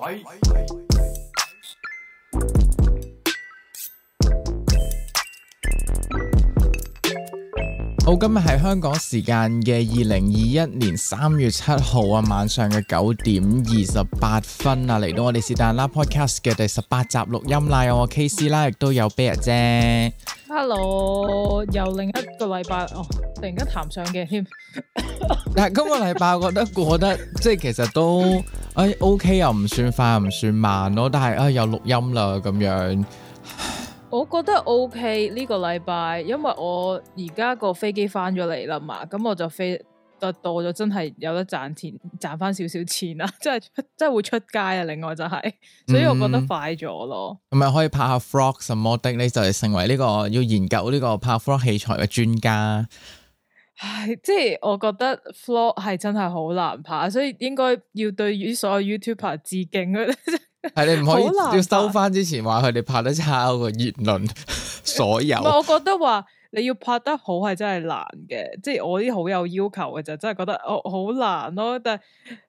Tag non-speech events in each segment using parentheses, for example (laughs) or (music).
喂。好、哦，今日係香港時間嘅二零二一年三月七號啊，晚上嘅九點二十八分啊，嚟到我哋是但啦 (music) Podcast 嘅第十八集錄音啦。有我 KC 啦，亦、嗯、都有 bear 啫。Hello，又另一個禮拜哦，突然間談上嘅添。 (laughs) 但係今個禮拜我覺得過得 (laughs) 即係其實都。 (laughs) 哎、OK，又唔算快，又唔算慢咯，但係哎又錄音啦咁樣。我覺得 OK 呢個禮拜，因為我而家個飛機翻咗嚟啦嘛，咁我就飛得多咗，真係有得賺錢，賺翻少少錢啦，即係即係會出街啊！另外就係、是，嗯、所以我覺得快咗咯。咁咪可以拍下 vlog 什麼的咧，就係成為呢、這個要研究呢個拍 vlog 器材嘅專家。唉，即係我覺得 vlog 係真係好難拍，所以應該要對於所有 YouTuber 致敬係 (laughs) 你唔可以要收翻之前話佢哋拍得差個言論， (laughs) 所有。 (laughs) 我覺得話。你要拍得好係真係難嘅，即係我啲好有要求嘅就真係覺得我好難咯、哦。但係誒、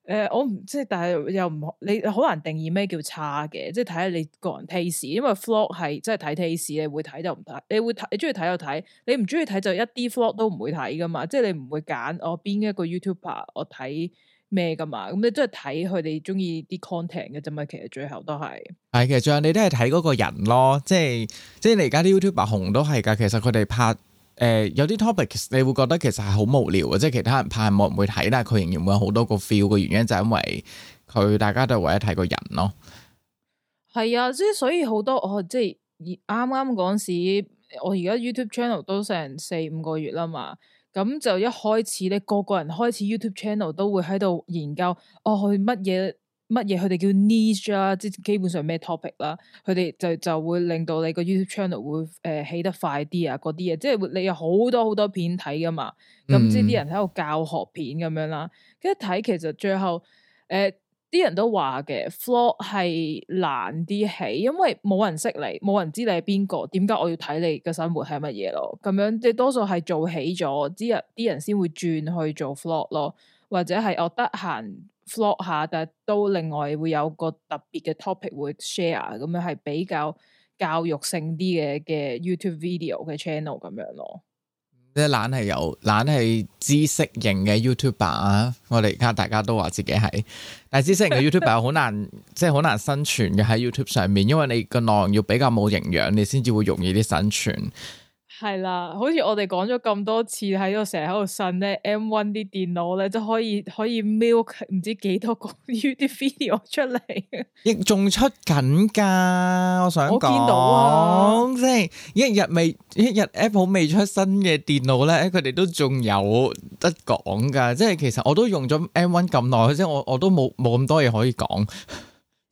呃，我唔即係，但係又唔你好難定義咩叫差嘅，即係睇下你個人 taste。因為 vlog 係即係睇 taste 你會睇就唔睇，你會睇你中意睇就睇，你唔中意睇就一啲 vlog 都唔會睇噶嘛。即係你唔會揀我邊一個 youtuber 我睇。咩噶嘛？咁你都係睇佢哋中意啲 content 嘅啫嘛。其實最後都係。係，其實最後你都係睇嗰個人咯。即係即係，你而家啲 YouTuber 紅都係㗎。其實佢哋拍誒、呃、有啲 topics，你會覺得其實係好無聊啊。即係其他人拍，係冇人會睇，但係佢仍然會有好多個 feel 嘅原因就係、是、因為佢大家都為咗睇個人咯。係啊，即係所以好多哦。即係啱啱嗰陣時，我而家 YouTube channel 都成四五個月啦嘛。咁就一開始咧，個個人開始 YouTube channel 都會喺度研究，哦佢乜嘢乜嘢，佢哋叫 niche 啊，即基本上咩 topic 啦、啊，佢哋就就會令到你個 YouTube channel 會誒、呃、起得快啲啊，嗰啲嘢，即係你有好多好多片睇㗎嘛，咁即係啲人喺度教學片咁樣啦，嗯、樣一睇其實最後誒。呃啲人都話嘅，vlog 係難啲起，因為冇人識你，冇人知你係邊個，點解我要睇你嘅生活係乜嘢咯？咁樣，你多數係做起咗，之後啲人先會轉去做 vlog 咯，或者係我得閒 vlog 下，但都另外會有個特別嘅 topic 會 share，咁樣係比較教育性啲嘅嘅 YouTube video 嘅 channel 咁樣咯。即係懶係有，懶係知識型嘅 YouTuber 啊！我哋而家大家都話自己係，但係知識型嘅 YouTuber 好難，即係好難生存嘅喺 YouTube 上面，因為你個內容要比較冇營養，你先至會容易啲生存。係啦，好似我哋講咗咁多次喺度，成日喺度呻咧，M1 啲電腦咧就可以可以 milk 唔知幾多個 YouTube video 出嚟，亦 (laughs) 仲出緊噶。我想講，到即係一日未一日 Apple 未出新嘅電腦咧，佢哋都仲有得講噶。即係其實我都用咗 M1 咁耐，即係我我都冇冇咁多嘢可以講。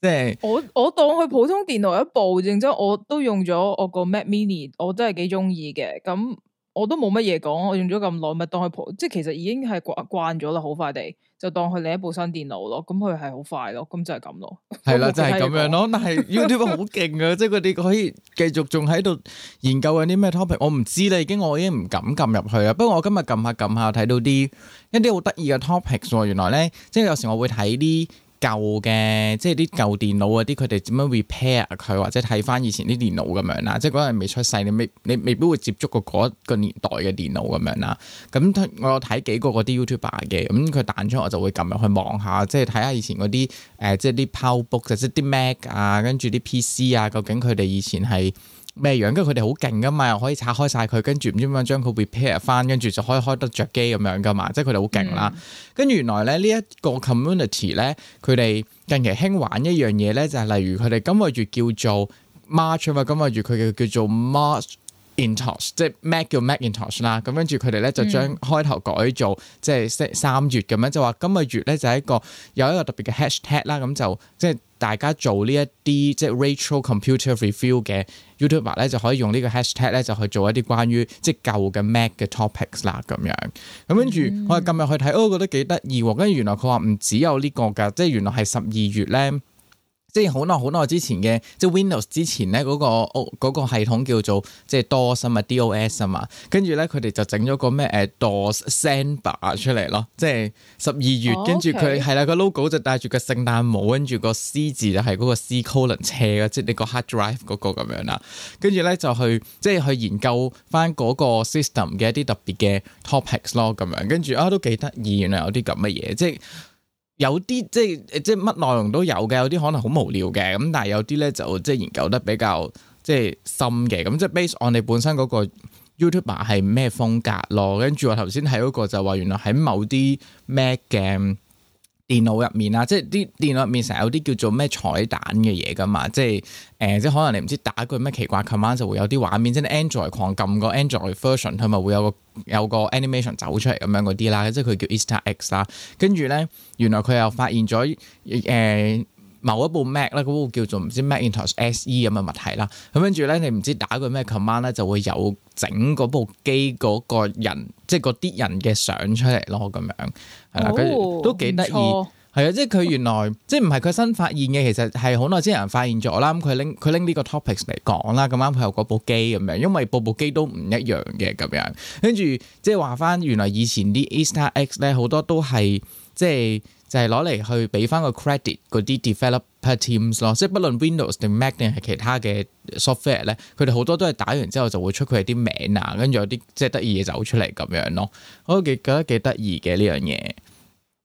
即係我我當佢普通電腦一部，認真我都用咗我個 Mac Mini，我真係幾中意嘅。咁我都冇乜嘢講，我用咗咁耐，咪當佢普即係其實已經係慣慣咗啦，好快地就當佢另一部新電腦咯。咁佢係好快咯，咁就係咁咯。係啦，就係咁樣咯。但係 YouTube 好勁啊，即係佢哋可以繼續仲喺度研究緊啲咩 topic，我唔知啦。已經我已經唔敢撳入去啦。不過我今日撳下撳下，睇到啲一啲好得意嘅 topics 喎。原來咧，即係有時我會睇啲。舊嘅，即係啲舊電腦嗰啲，佢哋點樣 repair 佢，或者睇翻以前啲電腦咁樣啦。即係嗰陣未出世，你未你未必會接觸過嗰個年代嘅電腦咁樣啦。咁我有睇幾個嗰啲 YouTuber 嘅，咁佢彈出我就會撳入去望下，即係睇下以前嗰啲誒，即係啲 PowerBook、即係啲 Mac 啊，跟住啲 PC 啊，究竟佢哋以前係咩樣？跟住佢哋好勁噶嘛，又可以拆開晒佢，跟住唔知點樣將佢 repair 翻，跟住就可以開得着機咁樣噶嘛。即係佢哋好勁啦。嗯、跟住原來咧，這個、呢一個 community 咧，佢哋近期興玩一樣嘢咧，就係、是、例如佢哋今個月叫做 March 啊嘛，今個月佢哋叫做 March Intosh 即係 Mac 叫 Mac Intosh 啦。咁跟住佢哋咧就將開頭改做即係三三月咁樣，就話今個月咧就係、是、一個有一個特別嘅 hashtag 啦。咁就即係。大家做呢一啲即係 retro computer review 嘅 YouTuber 咧，就可以用個呢個 hashtag 咧，就去做一啲關於即係舊嘅 Mac 嘅 topics 啦咁樣，咁跟住我係今日去睇，哦，覺得幾得意。跟住原來佢話唔只有呢個㗎，即係原來係十二月咧。即係好耐好耐之前嘅，即係 Windows 之前咧嗰、嗰個嗰、哦嗰個系統叫做即係 DOS 咪 DOS 啊嘛，跟住咧佢哋就整咗個咩誒 DOS Santa 出嚟咯，即係十二月，哦 okay. 跟住佢係啦個 logo 就帶住個聖誕帽，跟住個 C 字就係嗰個 C colon 斜嘅，即係你個 hard drive 嗰個咁樣啦，跟住咧就去即係去研究翻嗰個 system 嘅一啲特別嘅 topics 咯，咁樣跟住啊都幾得意，原來有啲咁嘅嘢，即係。有啲即係即係乜內容都有嘅，有啲可能好無聊嘅，咁但係有啲咧就即係研究得比較即係深嘅，咁即係 base 按你本身嗰個 YouTuber 係咩風格咯，跟住我頭先睇嗰個就話原來喺某啲咩嘅。電腦入面啊，即係啲電腦入面成日有啲叫做咩彩蛋嘅嘢噶嘛，即係誒、呃，即係可能你唔知打個咩奇怪 command 就會有啲畫面，即係 Android 狂撳個 Android version，佢咪會有個有個 animation 走出嚟咁樣嗰啲啦，即係佢叫 Easter Egg 啦，跟住咧原來佢又發現咗誒。呃某一部 Mac 咧，嗰部叫做唔知 Macintosh SE 咁嘅物體啦，咁跟住咧，你唔知打個咩 command 咧，就會有整嗰部機嗰個人，即係嗰啲人嘅相出嚟咯，咁樣係啦，跟住、哦、都幾得意，係啊錯，即係佢原來 (laughs) 即係唔係佢新發現嘅，其實係好耐之前人發現咗啦。咁佢拎佢拎呢個 topics 嚟講啦，咁啱佢有嗰部機咁樣，因為部部機都唔一樣嘅咁樣，跟住即係話翻原來以前啲 A Star X 咧好多都係。即係就係攞嚟去俾翻個 credit 嗰啲 developer teams 咯，即係不論 Windows 定 Mac 定係其他嘅 software 咧，佢哋好多都係打完之後就會出佢哋啲名啊，跟住有啲即係得意嘢走出嚟咁樣咯，我都幾覺得幾得意嘅呢樣嘢。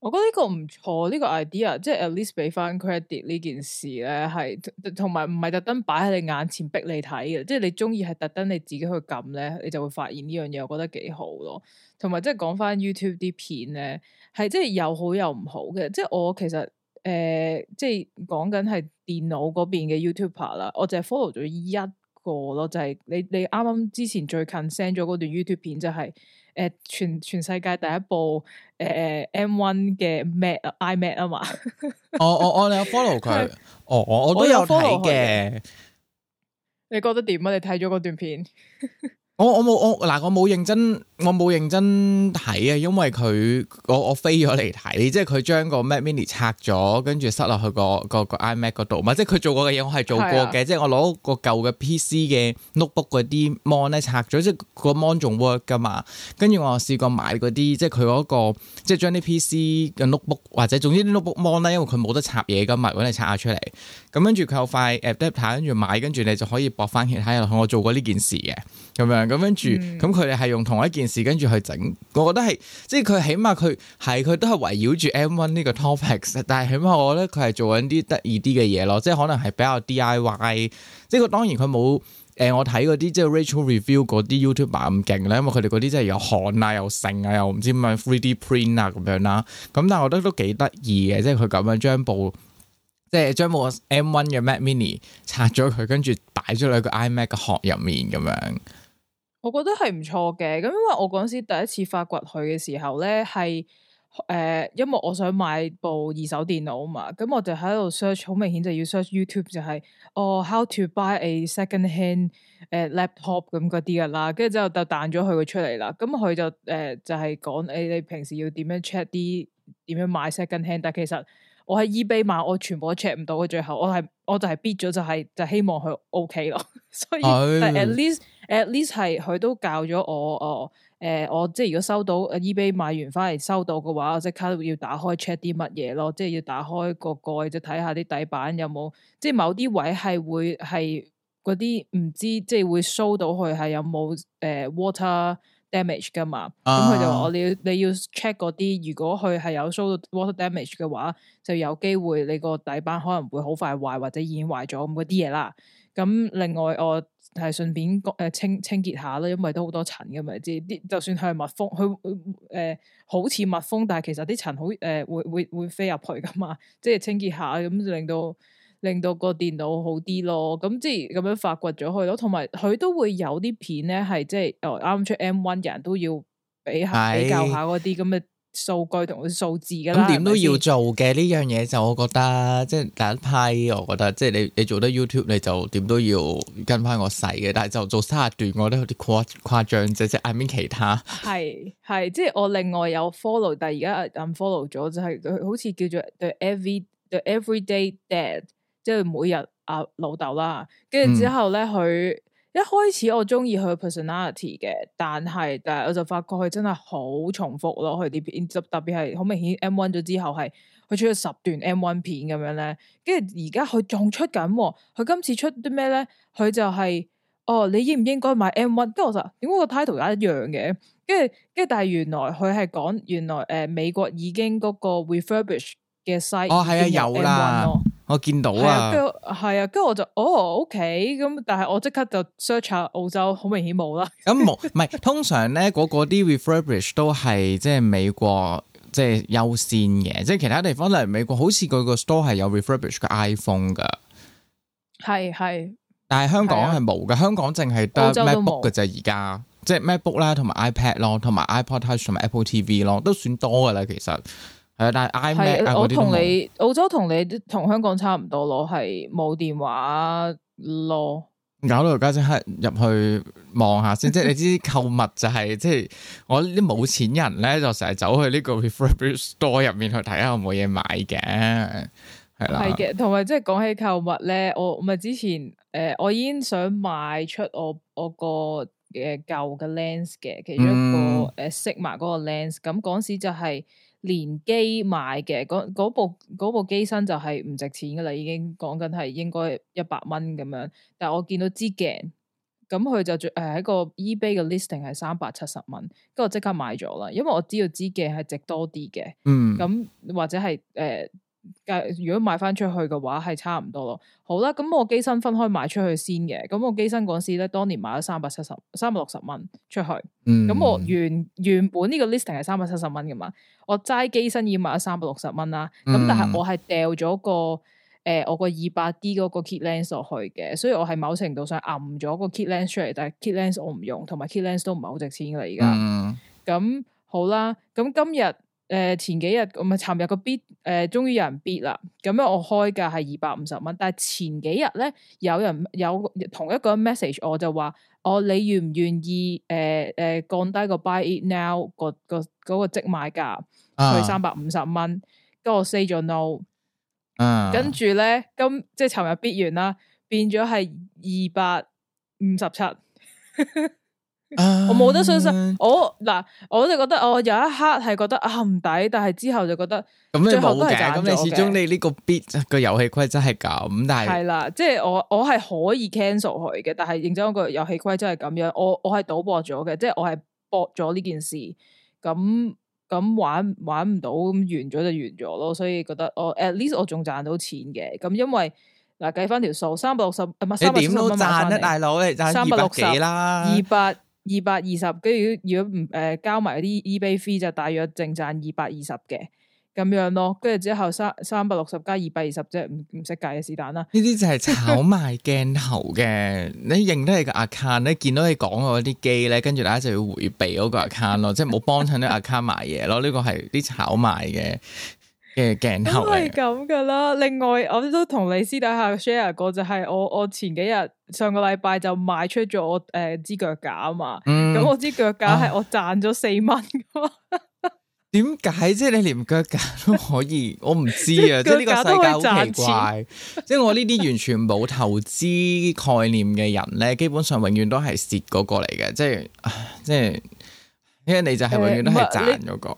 我覺得呢個唔錯，呢個 idea 即係 at least 俾翻 credit 呢件事咧，係同同埋唔係特登擺喺你眼前逼你睇嘅，即係你中意係特登你自己去撳咧，你就會發現呢樣嘢，我覺得幾好咯。同埋即係講翻 YouTube 啲片咧。係即係又好又唔好嘅，即係我其實誒，即係講緊係電腦嗰邊嘅 YouTuber 啦，我淨係 follow 咗一個咯，就係你你啱啱之前最近 send 咗嗰段 YouTube 片就係誒全全世界第一部誒誒 M1 嘅 Mac iMac 啊嘛，我我我有 follow 佢，哦我我都有睇嘅，你覺得點啊？你睇咗嗰段片？我我冇我嗱我冇認真我冇認真睇啊，因為佢我我飛咗嚟睇，即係佢將個 Mac Mini 拆咗，跟住塞落去個個個 iMac 嗰度，即係佢做過嘅嘢我係做過嘅的，即係我攞個舊嘅 PC 嘅 notebook 嗰啲 mon 咧拆咗，即係個 mon 仲 work 噶嘛，跟住我試過買嗰啲，即係佢嗰個即係將啲 PC 嘅 notebook 或者總之 notebook mon 咧，因為佢冇得插嘢噶嘛，如果你拆咗出嚟，咁跟住佢有塊 adapter，跟住買，跟住你就可以駁翻其他嘢。喺去。我做過呢件事嘅，咁樣。咁跟住，咁佢哋係用同一件事跟住去整，我覺得係即係佢起碼佢係佢都係圍繞住 M1 呢個 topic，但係起碼我覺得佢係做緊啲得意啲嘅嘢咯，即係可能係比較 DIY，即係佢當然佢冇誒我睇嗰啲即係 Rachel Review 嗰啲 YouTuber 咁勁咧，因為佢哋嗰啲真係有焊啊，有性啊又成啊又唔知乜 3D Print 啊咁樣啦，咁但係我覺得都幾得意嘅，即係佢咁樣將部即係將部 M1 嘅 Mac Mini 拆咗佢，跟住擺咗落個 iMac 嘅殼入面咁樣。我覺得係唔錯嘅，咁因為我嗰陣時第一次發掘佢嘅時候咧，係誒、呃，因為我想買部二手電腦嘛，咁、嗯、我就喺度 search，好明顯就要 search YouTube，就係、是、哦，how to buy a second hand 誒、呃、laptop 咁嗰啲噶啦，跟住之後就彈咗佢出嚟啦。咁、嗯、佢就誒、呃、就係、是、講誒、呃、你平時要點樣 check 啲點樣買 second hand，但其實我喺 eBay 買，我全部都 check 唔到，最後我係我就係 bid 咗，就係、是、就希望佢 OK 咯，所以、哎、但係 at least。at least 係佢都教咗我哦，誒、呃、我即係如果收到 eBay 買完翻嚟收到嘅話，我即刻要打開 check 啲乜嘢咯，即係要打開個蓋，就睇下啲底板有冇，即係某啲位係會係嗰啲唔知，即係會 show 到佢係有冇誒、呃、water damage 噶嘛，咁佢、啊、就話我你要你要 check 嗰啲，如果佢係有 show 到 water damage 嘅話，就有機會你個底板可能會好快壞或者已經壞咗咁啲嘢啦。咁另外我。係順便誒、呃、清清潔下啦，因為都好多塵嘅嘛、呃呃、嘛，即係啲就算佢係密封，佢誒好似密封，但係其實啲塵好誒會會會飛入去噶嘛，即係清潔下咁，就令到令到個電腦好啲咯。咁即係咁樣發掘咗佢咯，同埋佢都會有啲片咧，係即係誒啱出 M1 人都要比比較下嗰啲咁嘅。哎數據同啲數字噶啦，咁點、嗯、都要做嘅呢 (laughs) 樣嘢就我覺得，即係第一批，我覺得即係你你做得 YouTube，你就點都要跟翻我細嘅，但係就做卅段，我覺得有啲誇誇張啫，即係邊 I mean 其他係係， (laughs) 即係我另外有 follow，但係而家唔 follow 咗，就係好似叫做 the every everyday dad，即係每日阿老豆啦，跟住之後咧佢。嗯一開始我中意佢 personality 嘅，但係但係我就發覺佢真係好重複咯，佢啲片，特別係好明顯 M1 咗之後係佢出咗十段 M1 片咁樣咧，跟住而家佢仲出緊，佢今次出啲咩咧？佢就係、是、哦，你應唔應該買 M1？跟住我就點解個 title 也一樣嘅？跟住跟住，但係原來佢係講原來誒、呃、美國已經嗰個 refurbish。嘅，哦，係啊有啦，我見到啊，係啊，跟住我就哦，OK，咁但係我即刻就 search 下澳洲，好明顯冇啦。咁 (laughs) 冇、嗯，唔係通常咧，嗰、嗰、啲、個、refurbish 都係即係美國即係優先嘅，即係其他地方例如美國，好似佢個 store 係有 refurbish 個 iPhone 噶，係係。但係香港係冇嘅，啊、香港淨係得 MacBook 噶啫，而家即係 MacBook 啦，同埋 iPad 咯，同埋 iPod Touch 同埋 Apple TV 咯，都算多噶啦，其實。係的啊，但係 i 我同你澳洲同你同香港差唔多咯，係冇電話咯。搞到而家即刻，入去望下先。即係你知購物就係即係我啲冇錢人咧，就成日走去呢個 refurbished store 入面去睇下有冇嘢買嘅，係啦。係嘅，同埋即係講起購物咧，我唔係之前誒、呃，我已經想賣出我我個嘅舊嘅 lens 嘅其中一個誒 Sigma 嗰個 lens，咁嗰時就係、是。連機買嘅嗰部嗰部機身就係唔值錢噶啦，已經講緊係應該一百蚊咁樣。但係我見到支鏡，咁佢就誒喺個 eBay 嘅 listing 係三百七十蚊，跟住我即刻買咗啦，因為我知道支鏡係值多啲嘅。嗯，咁或者係誒。呃誒如果賣翻出去嘅話係差唔多咯，好啦，咁我機身分開賣出去先嘅，咁我機身嗰時咧當年賣咗三百七十三百六十蚊出去，咁、嗯、我原原本呢個 listing 係三百七十蚊嘅嘛，我齋機身已經賣咗三百六十蚊啦，咁、嗯、但係我係掉咗個誒、呃、我個二百 D 嗰個 kit lens 落去嘅，所以我係某程度上揞咗個 kit lens 出嚟，但係 kit lens 我唔用，同埋 kit lens 都唔係好值錢啦而家，咁、嗯、好啦，咁今日。誒，前幾日唔係尋日個 bid，誒，終於有人 bid 啦。咁樣我開價係二百五十蚊，但係前幾日咧，有人有同一個 message，我就話我、哦、你願唔願意？誒、呃、誒、呃，降低個 buy it now、嗰個、嗰個、嗰個即買價去三百五十蚊。跟住我 say 咗 no。跟住咧，今即係尋日 bid 完啦，變咗係二百五十七。Uh, (music) 我冇得信心。我嗱，我就覺得我、哦、有一刻係覺得啊唔抵，但係之後就覺得咁樣，最後都係賺咗嘅。咁你始終你呢個 bit 個遊戲規則真係咁，但係係啦，即係我我係可以 cancel 佢嘅，但係認真講，這個遊戲規則真係咁樣。我我係賭博咗嘅，即係我係博咗呢件事。咁咁玩玩唔到咁完咗就完咗咯。所以覺得我 at least 我仲賺到錢嘅。咁因為嗱計翻條數三百六十，唔點都賺得大佬，你賺三百六啦，二百 360,。二百二十，跟住如果唔誒、呃、交埋啲 eBay fee 就大約淨賺二百二十嘅咁樣咯，跟住之後三三百六十加二百二十即係唔唔識計嘅是但啦。呢啲就係炒賣鏡頭嘅， (laughs) 你認得你個 account 咧，見到你講嘅嗰啲機咧，跟住大家就要回避嗰個 account 咯，即係冇幫襯啲 account 買嘢咯，呢個係啲炒賣嘅。嘅鏡頭嚟都係咁噶啦。另外，我都同你私底下 share 過，就係、是、我我前幾日上個禮拜就賣出咗我誒支腳架啊嘛。咁、嗯、我支腳架係我賺咗四蚊，點解、啊？即係你連腳架都可以，我唔知啊。即係腳呢個世界好奇怪。即係我呢啲完全冇投資概念嘅人咧， (laughs) 基本上永遠都係蝕嗰個嚟嘅，即係即係，因為你就係永遠都係賺嗰個、呃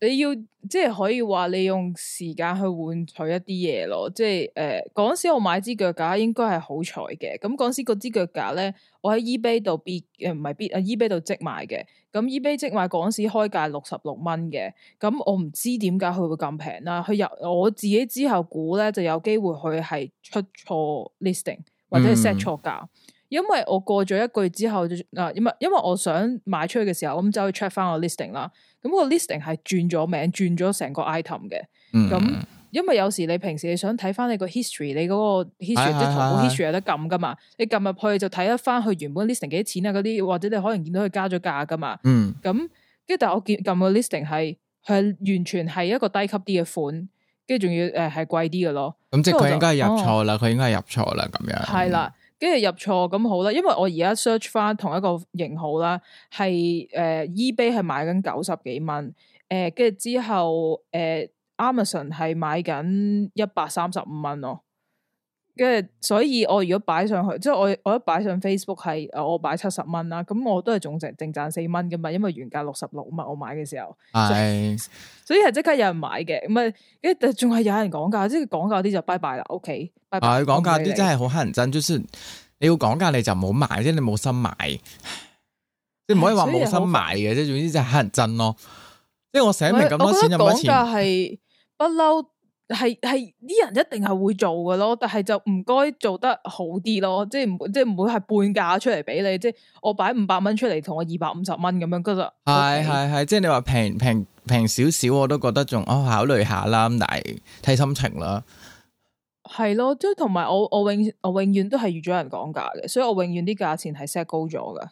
呃你。你要。即係可以話你用時間去換取一啲嘢咯，即係誒嗰時我買支腳架應該係好彩嘅，咁嗰時嗰支腳架咧，我喺 eBay 度 b i 誒唔係 b 啊 eBay 度即買嘅，咁 eBay 即買嗰、e、時開價六十六蚊嘅，咁我唔知點解佢會咁平啦，佢有我自己之後估咧就有機會佢係出錯 listing 或者係 set 錯價，嗯、因為我過咗一個月之後，嗱、呃、因為因為我想賣出去嘅時候，咁就去 check 翻我 listing 啦。咁個 listing 係轉咗名，轉名，轉咗成個 item 嘅。咁、嗯、因為有時你平時想你想睇翻你個 history，你嗰個 history 即係淘寶 history 有得撳噶嘛？的你撳入去就睇一翻佢原本 listing 幾多錢啊？嗰啲或者你可能見到佢加咗價噶嘛？嗯，咁跟住但係我見撳個 listing 係係完全係一個低級啲嘅款，跟住仲要誒係貴啲嘅咯。咁即係佢應該入錯啦，佢、哦、應該入錯啦，咁樣。係啦的。嗯跟住入錯，咁好啦，因為我而家 search 翻同一個型號啦，係誒、呃、eBay 係買緊九十幾蚊，誒跟住之後誒、呃、Amazon 係買緊一百三十五蚊咯。跟住，所以我如果擺上去，即係我我一擺上 Facebook 係，我擺七十蚊啦，咁我都係仲剩淨賺四蚊噶嘛，因為原價六十六蚊我買嘅時候，所以係即刻有人買嘅，唔係，跟住仲係有人講價，即係講價啲就拜拜啦，OK，拜拜、啊。講價啲真係好乞人憎，就算、是、你要講價你就唔好買，即係你冇心買，你唔可以話冇心買嘅，即係總之就乞人憎咯。即係我寫明咁多錢有冇錢？係不嬲。 (laughs) 係係啲人一定係會做嘅咯，但係就唔該做得好啲咯，即係唔即係唔會係半價出嚟俾你，即係我擺五百蚊出嚟同我二百五十蚊咁樣，其實係係係，即係你話平平平少少，我都覺得仲啊、喔、考慮下啦，咁但係睇心情啦。係咯，即係同埋我我永我永遠都係預咗人講價嘅，所以我永遠啲價錢係 set 高咗㗎。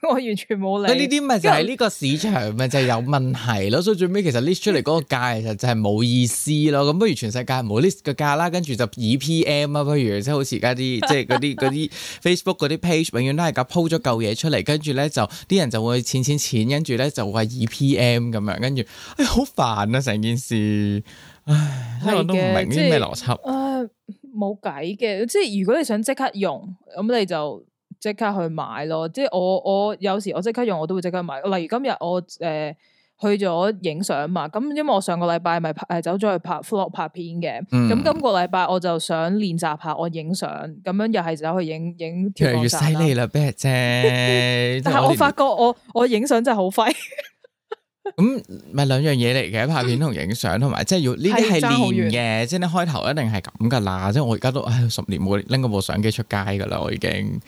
我完全冇理。呢啲咪就係呢個市場咪就有問題咯， (laughs) 所以最尾其實 list 出嚟嗰個價其實就係冇意思咯。咁不如全世界冇 list 個價啦，跟住就以 P.M. 啊，不如即係好似而家啲即係嗰啲啲 Facebook 嗰啲 page 永遠都係㗎鋪咗舊嘢出嚟，跟住咧就啲人就會錢錢錢，跟住咧就話以 P.M. 咁樣，跟住唉，好、哎、煩啊成件事，唉的我都唔明啲咩邏輯。誒冇計嘅，即係如果你想即刻用，咁你就。即刻去買咯，即係我我有時我即刻用，我都會即刻買。例如今日我誒、呃、去咗影相嘛，咁因為我上個禮拜咪誒走咗去拍 vlog 拍片嘅，咁、嗯、今個禮拜我就想練習拍我影相，咁樣又係走去影影。越嚟越犀利啦，咩啫？ (laughs) 但係我發覺我我影相真係好廢。咁咪兩樣嘢嚟嘅，拍片同影相，同埋即係要呢啲係練嘅，即係你開頭一定係咁噶啦。即係我而家都十年冇拎過部相機出街噶啦，我已經。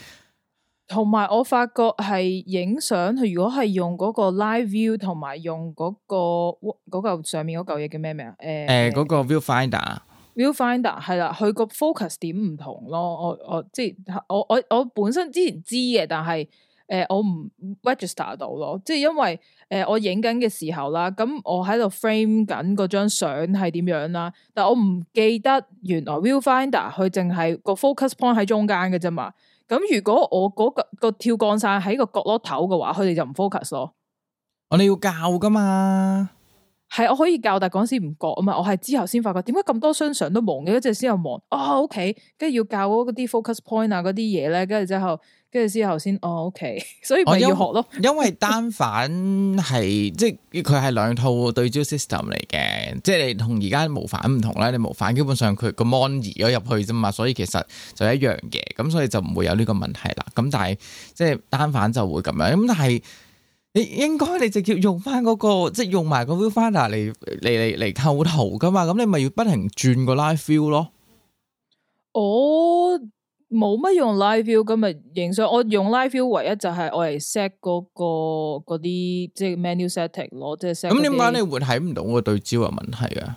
同埋我發覺係影相，佢如果係用嗰個 live view，同埋用嗰個嗰嚿上面嗰嚿嘢叫咩名？誒，誒，嗰個 viewfinder。viewfinder 係啦，佢個 focus 點唔同咯。我我即係我我我本身之前知嘅，但係誒我唔 register 到咯。即係因為誒我影緊嘅時候啦，咁我喺度 frame 緊嗰張相係點樣啦。但係我唔記得原來 viewfinder 佢淨係個 focus point 喺中間嘅啫嘛。咁如果我嗰、嗰個、嗰個跳降晒喺個角落頭嘅話，佢哋就唔 focus 咯。我哋要教㗎嘛？係我可以教，但係嗰陣唔覺啊嘛，我係之後先發覺點解咁多張相都矇嘅。跟住先有矇，啊、oh，OK，跟住要教嗰啲 focus point 啊，嗰啲嘢咧，跟住之後。跟住之後先，哦，OK，所以我要學咯、哦。因為單反係 (laughs) 即係佢係兩套對焦 system 嚟嘅，即係同而家無反唔同啦。你無反基本上佢個 mon 移咗入去啫嘛，所以其實就一樣嘅。咁所以就唔會有呢個問題啦。咁但係即係單反就會咁樣。咁但係你應該你直接用翻嗰、那個即係用埋個 viewfinder 嚟嚟嚟嚟構圖噶嘛。咁你咪要不停轉個 live view 咯。哦。冇乜用 live view 咁咪影相，我用 live view 唯一就係我嚟 set 嗰個嗰啲即係 menu setting 咯，即係 set 咁點解你會睇唔到個對焦有問題啊？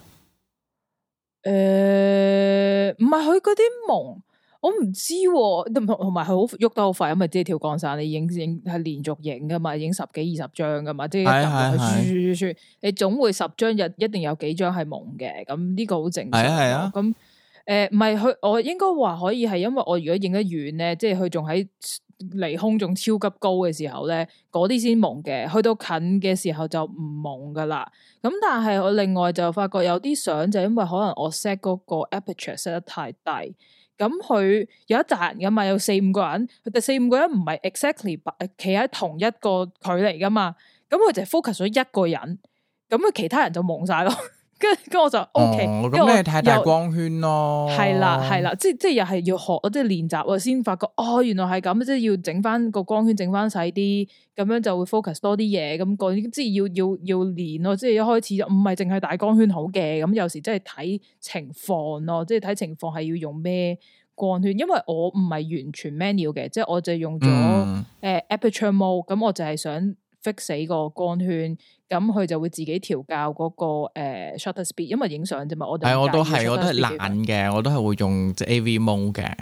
誒、呃，唔係佢嗰啲蒙，我唔知、啊，同埋同埋佢好喐得好快，咁咪即係跳降傘，你影影係連續影噶嘛，影十幾二十張噶嘛，啊、即係突突突你總會十張入一定有幾張係蒙嘅，咁呢個好正常。係啊係啊，咁、啊。誒，唔係佢，我應該話可以係，因為我如果影得遠咧，即係佢仲喺離空仲超級高嘅時候咧，嗰啲先蒙嘅。去到近嘅時候就唔蒙噶啦。咁、嗯、但係我另外就發覺有啲相就因為可能我 set 嗰個 aperture set 得太低，咁、嗯、佢有一紮人噶嘛，有四五個人，佢哋四五個人唔係 exactly 企喺同一個距離噶嘛，咁、嗯、佢就係 focus 咗一個人，咁、嗯、佢其他人就蒙晒咯.。 (laughs) 跟跟我就 O K，因為太大光圈咯，係啦係啦，即係即係又係要學，即係練習啊，先發覺哦，原來係咁，即係要整翻個光圈整翻細啲，咁樣就會 focus 多啲嘢，咁講即係要要要練咯，即係一開始就唔係淨係大光圈好嘅，咁有時即係睇情況咯，即係睇情況係要用咩光圈，因為我唔係完全 manual 嘅，即係我就用咗誒、嗯呃、aperture mode，咁我就係想。fix 死個光圈，咁佢就會自己調校嗰、嗰個誒、呃、shutter speed，因為影相啫嘛。我係我都係，我都係懶嘅，shutter speed 我都係 (noise) 會用 AV mode 嘅。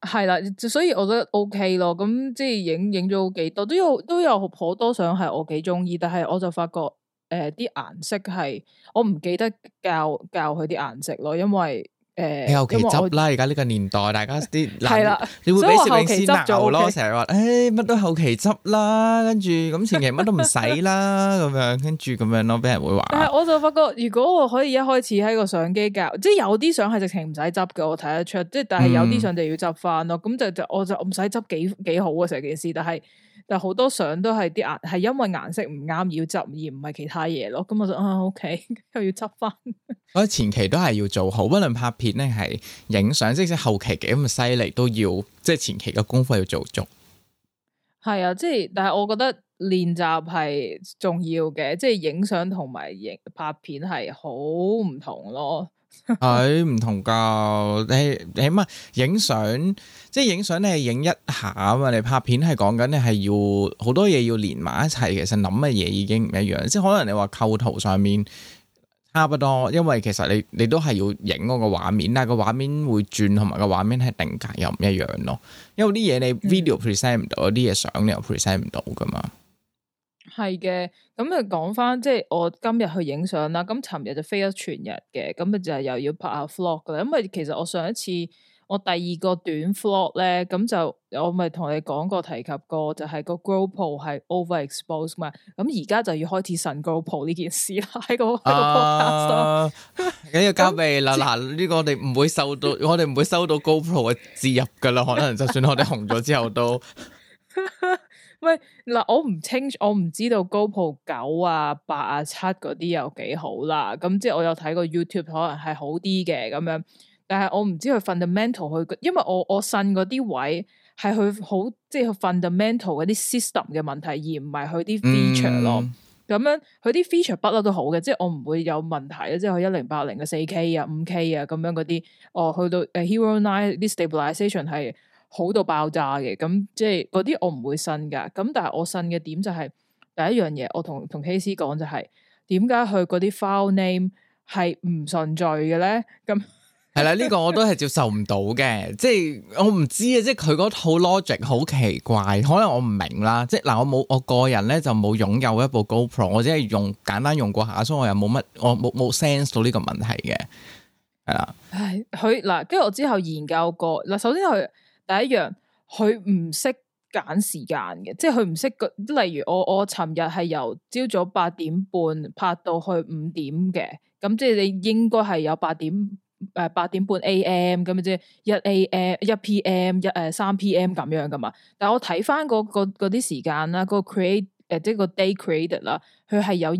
係啦，所以我覺得 OK 咯。咁即係影影咗好幾多，都有都有頗多相係我幾中意，但係我就發覺誒啲顏色係我唔記得教教佢啲顏色咯，因為。誒後期執啦，而家呢個年代，大家啲 (laughs) 的難，你會俾攝影師鬧咯，成日話誒乜都後期執啦， (laughs) 跟住咁前期乜都唔使啦，咁樣跟住咁樣咯，俾人會話。但係我就發覺，如果我可以一開始喺個相機教，即係有啲相係直情唔使執嘅，我睇得出。即係但係有啲相就要執翻咯，咁、嗯、就就我就唔使執幾幾好啊，成件事，但係。但好多相都係啲顏，係因為顏色唔啱要執，而唔係其他嘢咯。咁、嗯、我就啊，OK， (laughs) 又要執翻。我覺得前期都係要做好，不論拍片定係影相，即使後期幾咁犀利，都要即係前期嘅功夫要做足。係啊，即係，但係我覺得練習係重要嘅，即係影相同埋影拍片係好唔同咯。佢唔、 (laughs) 哎、同噶，你起碼影相即係影相，你係影一下啊嘛。你拍片係講緊你係要好多嘢要連埋一齊，其實諗嘅嘢已經唔一樣。即係可能你話構圖上面差不多，因為其實你你都係要影嗰個畫面，但係個畫面會轉，同埋個畫面係定格又唔一樣咯。因為啲嘢你 video present 唔到，啲嘢相你又 present 唔到噶嘛。係嘅，咁啊講翻，即係我今日去影相啦。咁尋日就飛咗全日嘅，咁啊就又要拍下 vlog 啦。因為其實我上一次我第二個短 vlog 咧，咁就我咪同你講過提及過，就係、是、個 GoPro 係 overexpose 嘛。咁而家就要開始神 GoPro 呢件事啦。喺個喺個 focus，緊要交俾啦嗱，呢個我哋唔會收到， (laughs) 我哋唔會收到 GoPro 嘅置入噶啦。 (laughs) 可能就算我哋紅咗之後都。 (laughs) 喂，嗱，我唔清楚，我唔知道 GoPro 九啊、八啊、七嗰啲又幾好啦。咁即係我有睇過 YouTube，可能係好啲嘅咁樣。但係我唔知佢 fundamental 佢，因為我我信嗰啲位係佢好，即係佢 fundamental 嗰啲 system 嘅問題，而唔係佢啲 feature 咯。嗯，咁樣佢啲 feature 不嬲都好嘅，即係我唔會有問題啊！即係佢一零八零嘅四 K 啊、五 K 啊咁樣嗰啲，哦，去到誒 Hero Nine 啲 stabilization 係。好到爆炸嘅，咁即係嗰啲我唔會信噶，咁但係我信嘅點就係，第一樣嘢，我同同 KC 講就係點解佢嗰啲 file name 係唔順序嘅咧？咁係啦，呢個我都係接受唔到嘅，即係我唔知啊，即係佢嗰套 logic 好奇怪，可能我唔明啦。即係嗱，我冇我個人咧就冇擁有一部 GoPro，我只係用簡單用過下，所以我又冇乜我冇冇 sense 到呢個問題嘅，係啦。唉，佢嗱，跟住我之後研究過嗱，首先佢。第一樣佢唔識揀時間嘅，即係佢唔識，例如我我尋日係由朝早八點半拍到去五點嘅，咁即係你應該係有八點誒八點半 A.M. 咁嘅啫，一 A.M. 一 P.M. 一誒三 P.M. 咁樣噶嘛。但係我睇翻嗰啲時間啦，嗰個 create。誒，即係個 day created 啦，佢係有一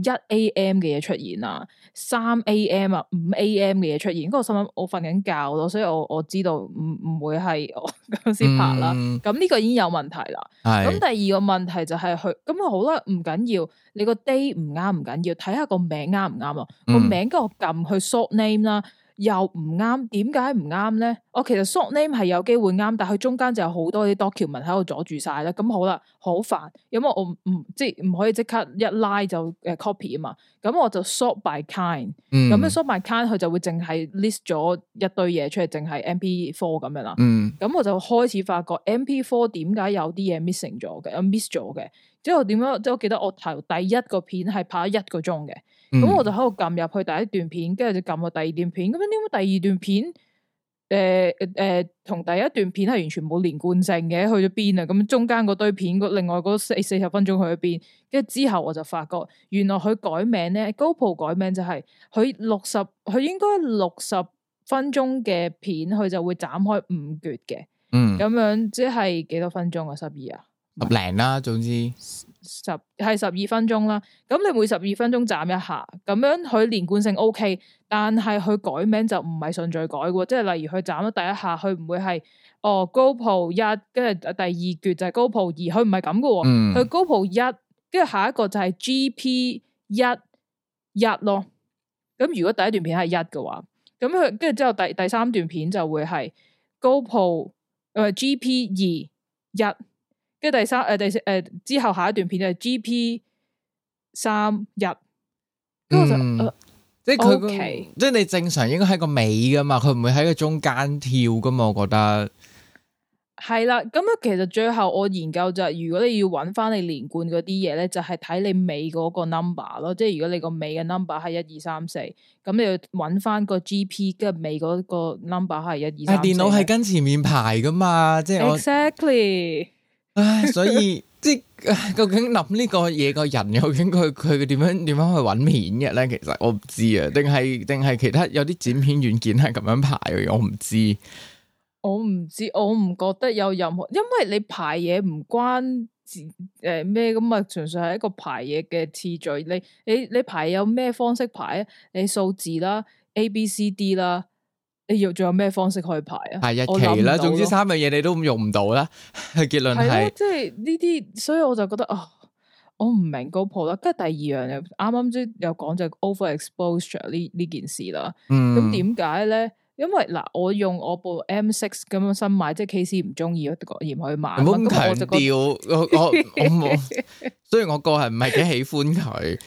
am 嘅嘢出現啊，三 am 啊，五 am 嘅嘢出現。嗰個心諗我瞓緊覺咯，所以我我知道唔唔會係我咁先拍啦。咁 (laughs) 呢個已經有問題啦。咁、嗯、第二個問題就係佢咁好啦，唔緊要，你個 day 唔啱唔緊要，睇下個名啱唔啱啊？個、嗯、名跟我撳去 short name 啦。又唔啱，點解唔啱咧？我其實 short name 係有機會啱，但係佢中間就有，多有好多啲 document 喺度阻住晒啦。咁好啦，好煩，因為我唔即係唔可以即刻一拉就誒 copy 啊嘛。咁我就 sort by kind，咁、嗯、樣 sort by kind 佢就會淨係 list 咗一堆嘢出嚟，淨係 mp4 咁樣啦。咁、嗯、我就開始發覺 mp4 點解有啲嘢 missing 咗嘅，有 miss 咗嘅。之後點樣？即係我記得我頭第一個片係拍咗一個鐘嘅。咁、嗯、我就喺度撳入去第一段片，跟住就撳到第二段片。咁點解第二段片？誒、呃、誒，同、呃、第一段片係完全冇連貫性嘅，去咗邊啊？咁中間嗰堆片，個另外嗰四四十分鐘去咗邊？跟住之後我就發覺，原來佢改名咧，GoPro 改名就係佢六十，佢應該六十分鐘嘅片，佢就會斬開五橛嘅。嗯，咁樣即係幾多分鐘啊？十二啊。十零啦，總之十係十二分鐘啦。咁你每十二分鐘斬一下，咁樣佢連貫性 OK，但係佢改名就唔係順序改嘅，即係例如佢斬咗第一下，佢唔會係哦 GoPro 一，跟住第二段就係 GoPro 二，佢唔係咁嘅。佢 GoPro 一，跟住下一個就係 GP 一一咯。咁如果第一段片係一嘅話，咁佢跟住之後第第三段片就會係 GoPro 誒 GP 二一。跟住第三、誒第四、誒之後下一段片就係 G P 三日，嗯，咁我就、呃、即係佢、那個、Okay. 即係你正常應該喺個尾噶嘛，佢唔會喺個中間跳噶嘛，我覺得係啦。咁啊、嗯，其實最後我研究就係、是，如果你要揾翻你連貫嗰啲嘢咧，就係、是、睇你尾嗰個 number 咯。即係如果你個尾嘅 number 係一二三四，咁你要揾翻個 G P 跟住尾嗰個 number 係一二。三啊，電腦係跟前面排噶嘛？即係 exactly。唉，所以 (laughs) 即究竟諗呢個嘢嘅人，究竟佢佢點樣點樣去搵片嘅咧？其實我唔知啊，定係定係其他有啲剪片軟件係咁樣排嘅，我唔知。我唔知。我唔知，我唔覺得有任何，因為你排嘢唔關誒咩咁啊，純粹係一個排嘢嘅次序。你你你排有咩方式排啊？你數字啦，A B C D 啦。你要仲有咩方式去排啊？排日期啦，總之三樣嘢你都用唔到啦。 (laughs) 結論係即係呢啲，所以我就覺得啊、哦，我唔明 GoPro 啦。跟住第二樣嘢，啱啱先有講就 overexposure 呢呢件事啦。嗯，咁點解咧？因為嗱，我用我部 M6 咁樣新買，即係 KC 唔中意我而唔去買。咁強調我掉， (laughs) 我我雖然我個人係唔係幾喜歡佢，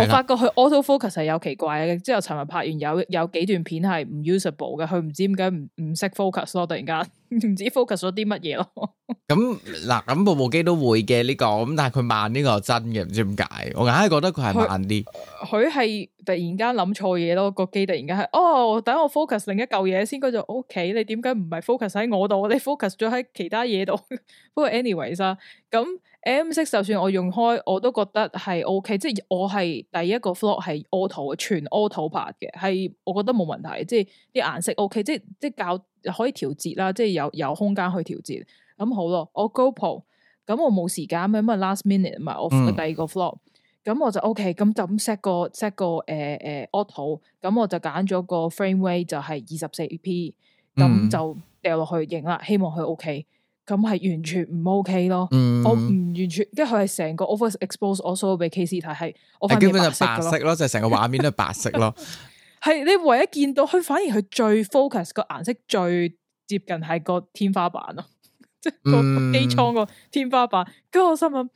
我發覺佢 auto focus 係有奇怪嘅。之後尋日拍完有有幾段片係唔 usable 嘅，佢唔知點解唔唔識 focus 咯，突然間。 (laughs) 唔知 focus 咗啲乜嘢咯？咁嗱，咁部部機都會嘅呢個，咁但係佢慢呢個真嘅，唔知點解，我硬係覺得佢係慢啲。佢係突然間諗錯嘢咯，個機突然間係哦，等我 focus 另一嚿嘢先，佢就 OK 你。你點解唔係 focus 喺我度？我哋 focus 咗喺其他嘢度。不 (laughs) 過 anyways 咁 M 色就算我用開，我都覺得係 OK，即係我係第一個 vlog 係 auto 全 auto 拍嘅，係我覺得冇問題，即係啲顏色 OK，即係即係可以調節啦，即係有有空間去調節。咁好咯，我 GoPro，咁我冇時間咩咩 last minute 咪我第二個 vlog，咁、嗯、我就 OK，咁就咁 set 個 set 個誒誒 auto，咁、呃呃、我就揀咗個 frame rate 就係二十四 p，咁就掉落去影啦，希望佢 OK，咁係完全唔 OK 咯，嗯、我唔完全，即係佢係成個 over expose，e 我所有俾 KC 睇係，係基本就白，白色咯，就成、是、個畫面都係白色咯。 (laughs) 係你唯一見到佢，反而佢最 focus 個顏色最接近係個天花板咯，即係機艙個天花板。跟住、嗯、 (laughs) 我心諗，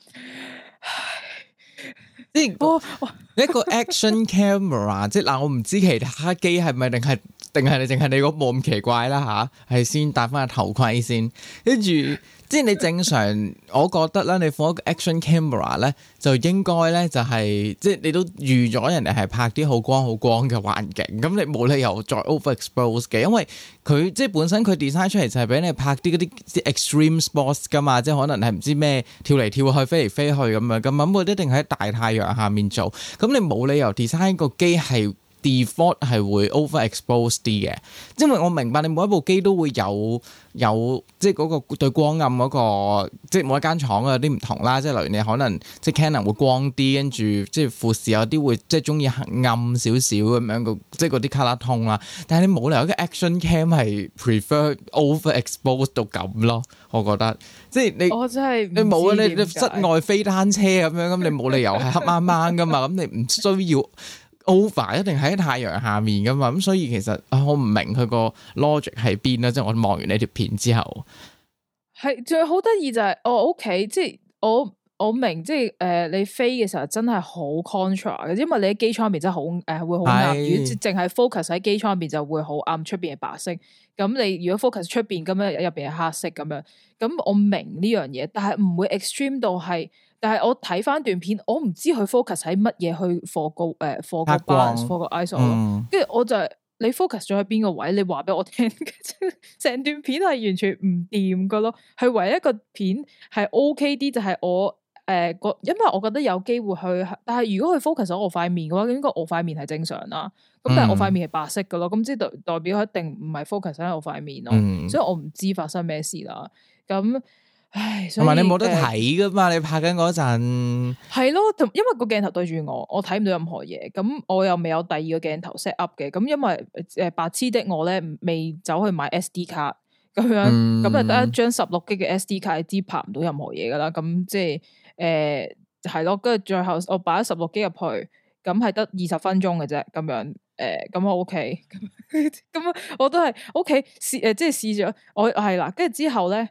呢個一個 action camera，即係嗱，我唔知其他機係咪，定係定係你，淨係你個部咁奇怪啦吓，係、啊、先戴翻個頭盔先，跟住。 (laughs) 即係 (music) (music) 你正常，我覺得咧，你放一個 action camera 咧，就應該咧就係即係你都預咗人哋係拍啲好光好光嘅環境，咁你冇理由再 over expose 嘅，因為佢即係本身佢 design 出嚟就係俾你拍啲嗰啲啲 extreme sports 噶嘛，即係可能係唔知咩跳嚟跳去、飛嚟飛去咁樣咁，咁佢一定喺大太陽下面做，咁你冇理由 design 個機係。Default 係會 overexpose 啲嘅，因為我明白你每一部機都會有有即係嗰個對光暗嗰個，即係每一間廠有啲唔同啦。即係例如你可能即係 Canon 會光啲，跟住即係富士有啲會即係鍾意暗少少咁樣嘅，即係嗰啲 color tone 啦，但係你冇理由一個 action cam 係 prefer overexpose 到咁咯，我覺得即係你，我真係你冇啊！你室外飛單車咁樣咁， (laughs) 你冇理由係黑掹掹㗎嘛，咁你唔需要。Over 一定喺太陽下面㗎嘛，咁所以其實我唔明佢個 logic 喺邊啦，即係我望完呢條片之後，係最好得意就係、是 oh, okay, 我屋企，即係我我明，即係誒你飛嘅時候真係好 contrast 嘅，因為你喺機艙面真係好誒會好暗，是如果淨係 focus 喺機艙面，就會好暗，出邊嘅白色。咁你如果 focus 出邊咁樣入邊係黑色咁樣，咁我明呢樣嘢，但係唔會 extreme 到係。但係我睇翻段片，我唔知佢 focus 喺乜嘢去 focus 誒 focus balance focus ISO 咯，跟住我就係你 focus 咗喺邊個位？你話俾我聽，成 (laughs) 段片係完全唔掂噶咯，係唯一,一個片係 OK 啲，就係、是、我誒個、呃，因為我覺得有機會去，但係如果佢 focus 喺我塊面嘅話，應該我塊面係正常啦。咁但係我塊面係白色噶咯，咁即代代表佢一定唔係 focus 喺我塊面咯，嗯、所以我唔知發生咩事啦。咁。唉，同埋你冇得睇噶嘛？你拍緊嗰陣，係咯，因為個鏡頭對住我，我睇唔到任何嘢。咁我又未有第二個鏡頭 set up 嘅。咁因為誒白痴的我咧，未走去買 SD 卡咁樣，咁、嗯、就得一張十六 G 嘅 SD 卡，你知拍唔到任何嘢噶啦。咁即係誒係咯，跟、呃、住最後我擺咗十六 G 入去，咁係得二十分鐘嘅啫。咁樣誒咁我 OK，咁 (laughs) 我都係 OK 試誒、呃，即係試咗我係啦。跟、啊、住之後咧。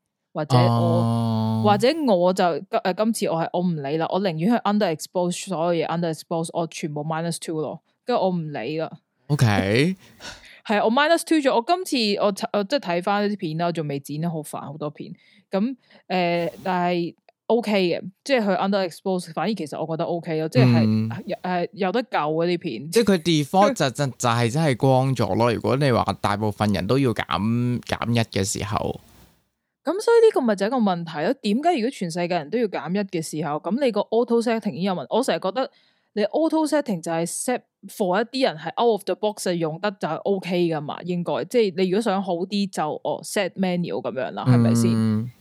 或者我或者我就誒今次我係我唔理啦，我寧願去 under expose 所有嘢 under expose 我全部 minus two 咯，跟住我唔理啦。OK，係 (laughs) 我 minus two 咗，我今次我即係睇翻呢啲片啦，我仲未剪，得好煩好多片。咁、嗯、誒，但係 OK 嘅，即係去 under expose，反而其實我覺得 OK 咯，即係係誒有得救嗰啲片。嗯、 (laughs) 即係佢 default 就就就係真係光咗咯。如果你話大部分人都要減減一嘅時候。咁所以呢個咪就係一個問題咯？點解如果全世界人都要減一嘅時候，咁你個 auto setting 已經有問題？我成日覺得你 auto setting 就係 set for 一啲人係 out of the box 用得就 OK 噶嘛？應該即係你如果想好啲就哦 set manual 咁樣啦，係咪先？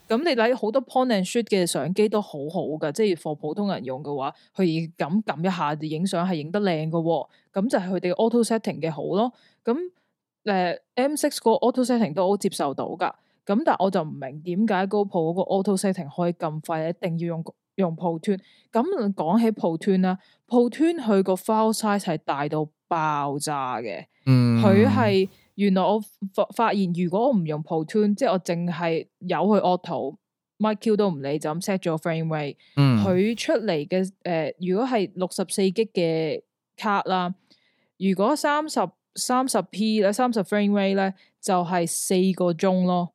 咁你睇好多 point and shoot 嘅相機都好好噶，即係 for 普通人用嘅話，佢而咁撳一下就影相係影得靚噶，咁就係佢哋 auto setting 嘅好咯。咁誒、呃，M six 個 auto setting 都好接受到噶。咁但係我就唔明點解 GoPro 嗰個 auto setting 可以咁快，一定要用用 ProTune。咁、嗯、講、嗯、起 ProTune 啦，ProTune 佢個 file size 係大到爆炸嘅。佢係原來我發發現如 one, auto,、嗯呃，如果我唔用 ProTune，即係我淨係有去 auto，my queue 都唔理，就咁 set 咗 frame rate。佢出嚟嘅誒，如果係六十四 G 嘅卡啦，如果三十三十 P 咧，三十 frame rate 咧，就係、是、四個鐘咯。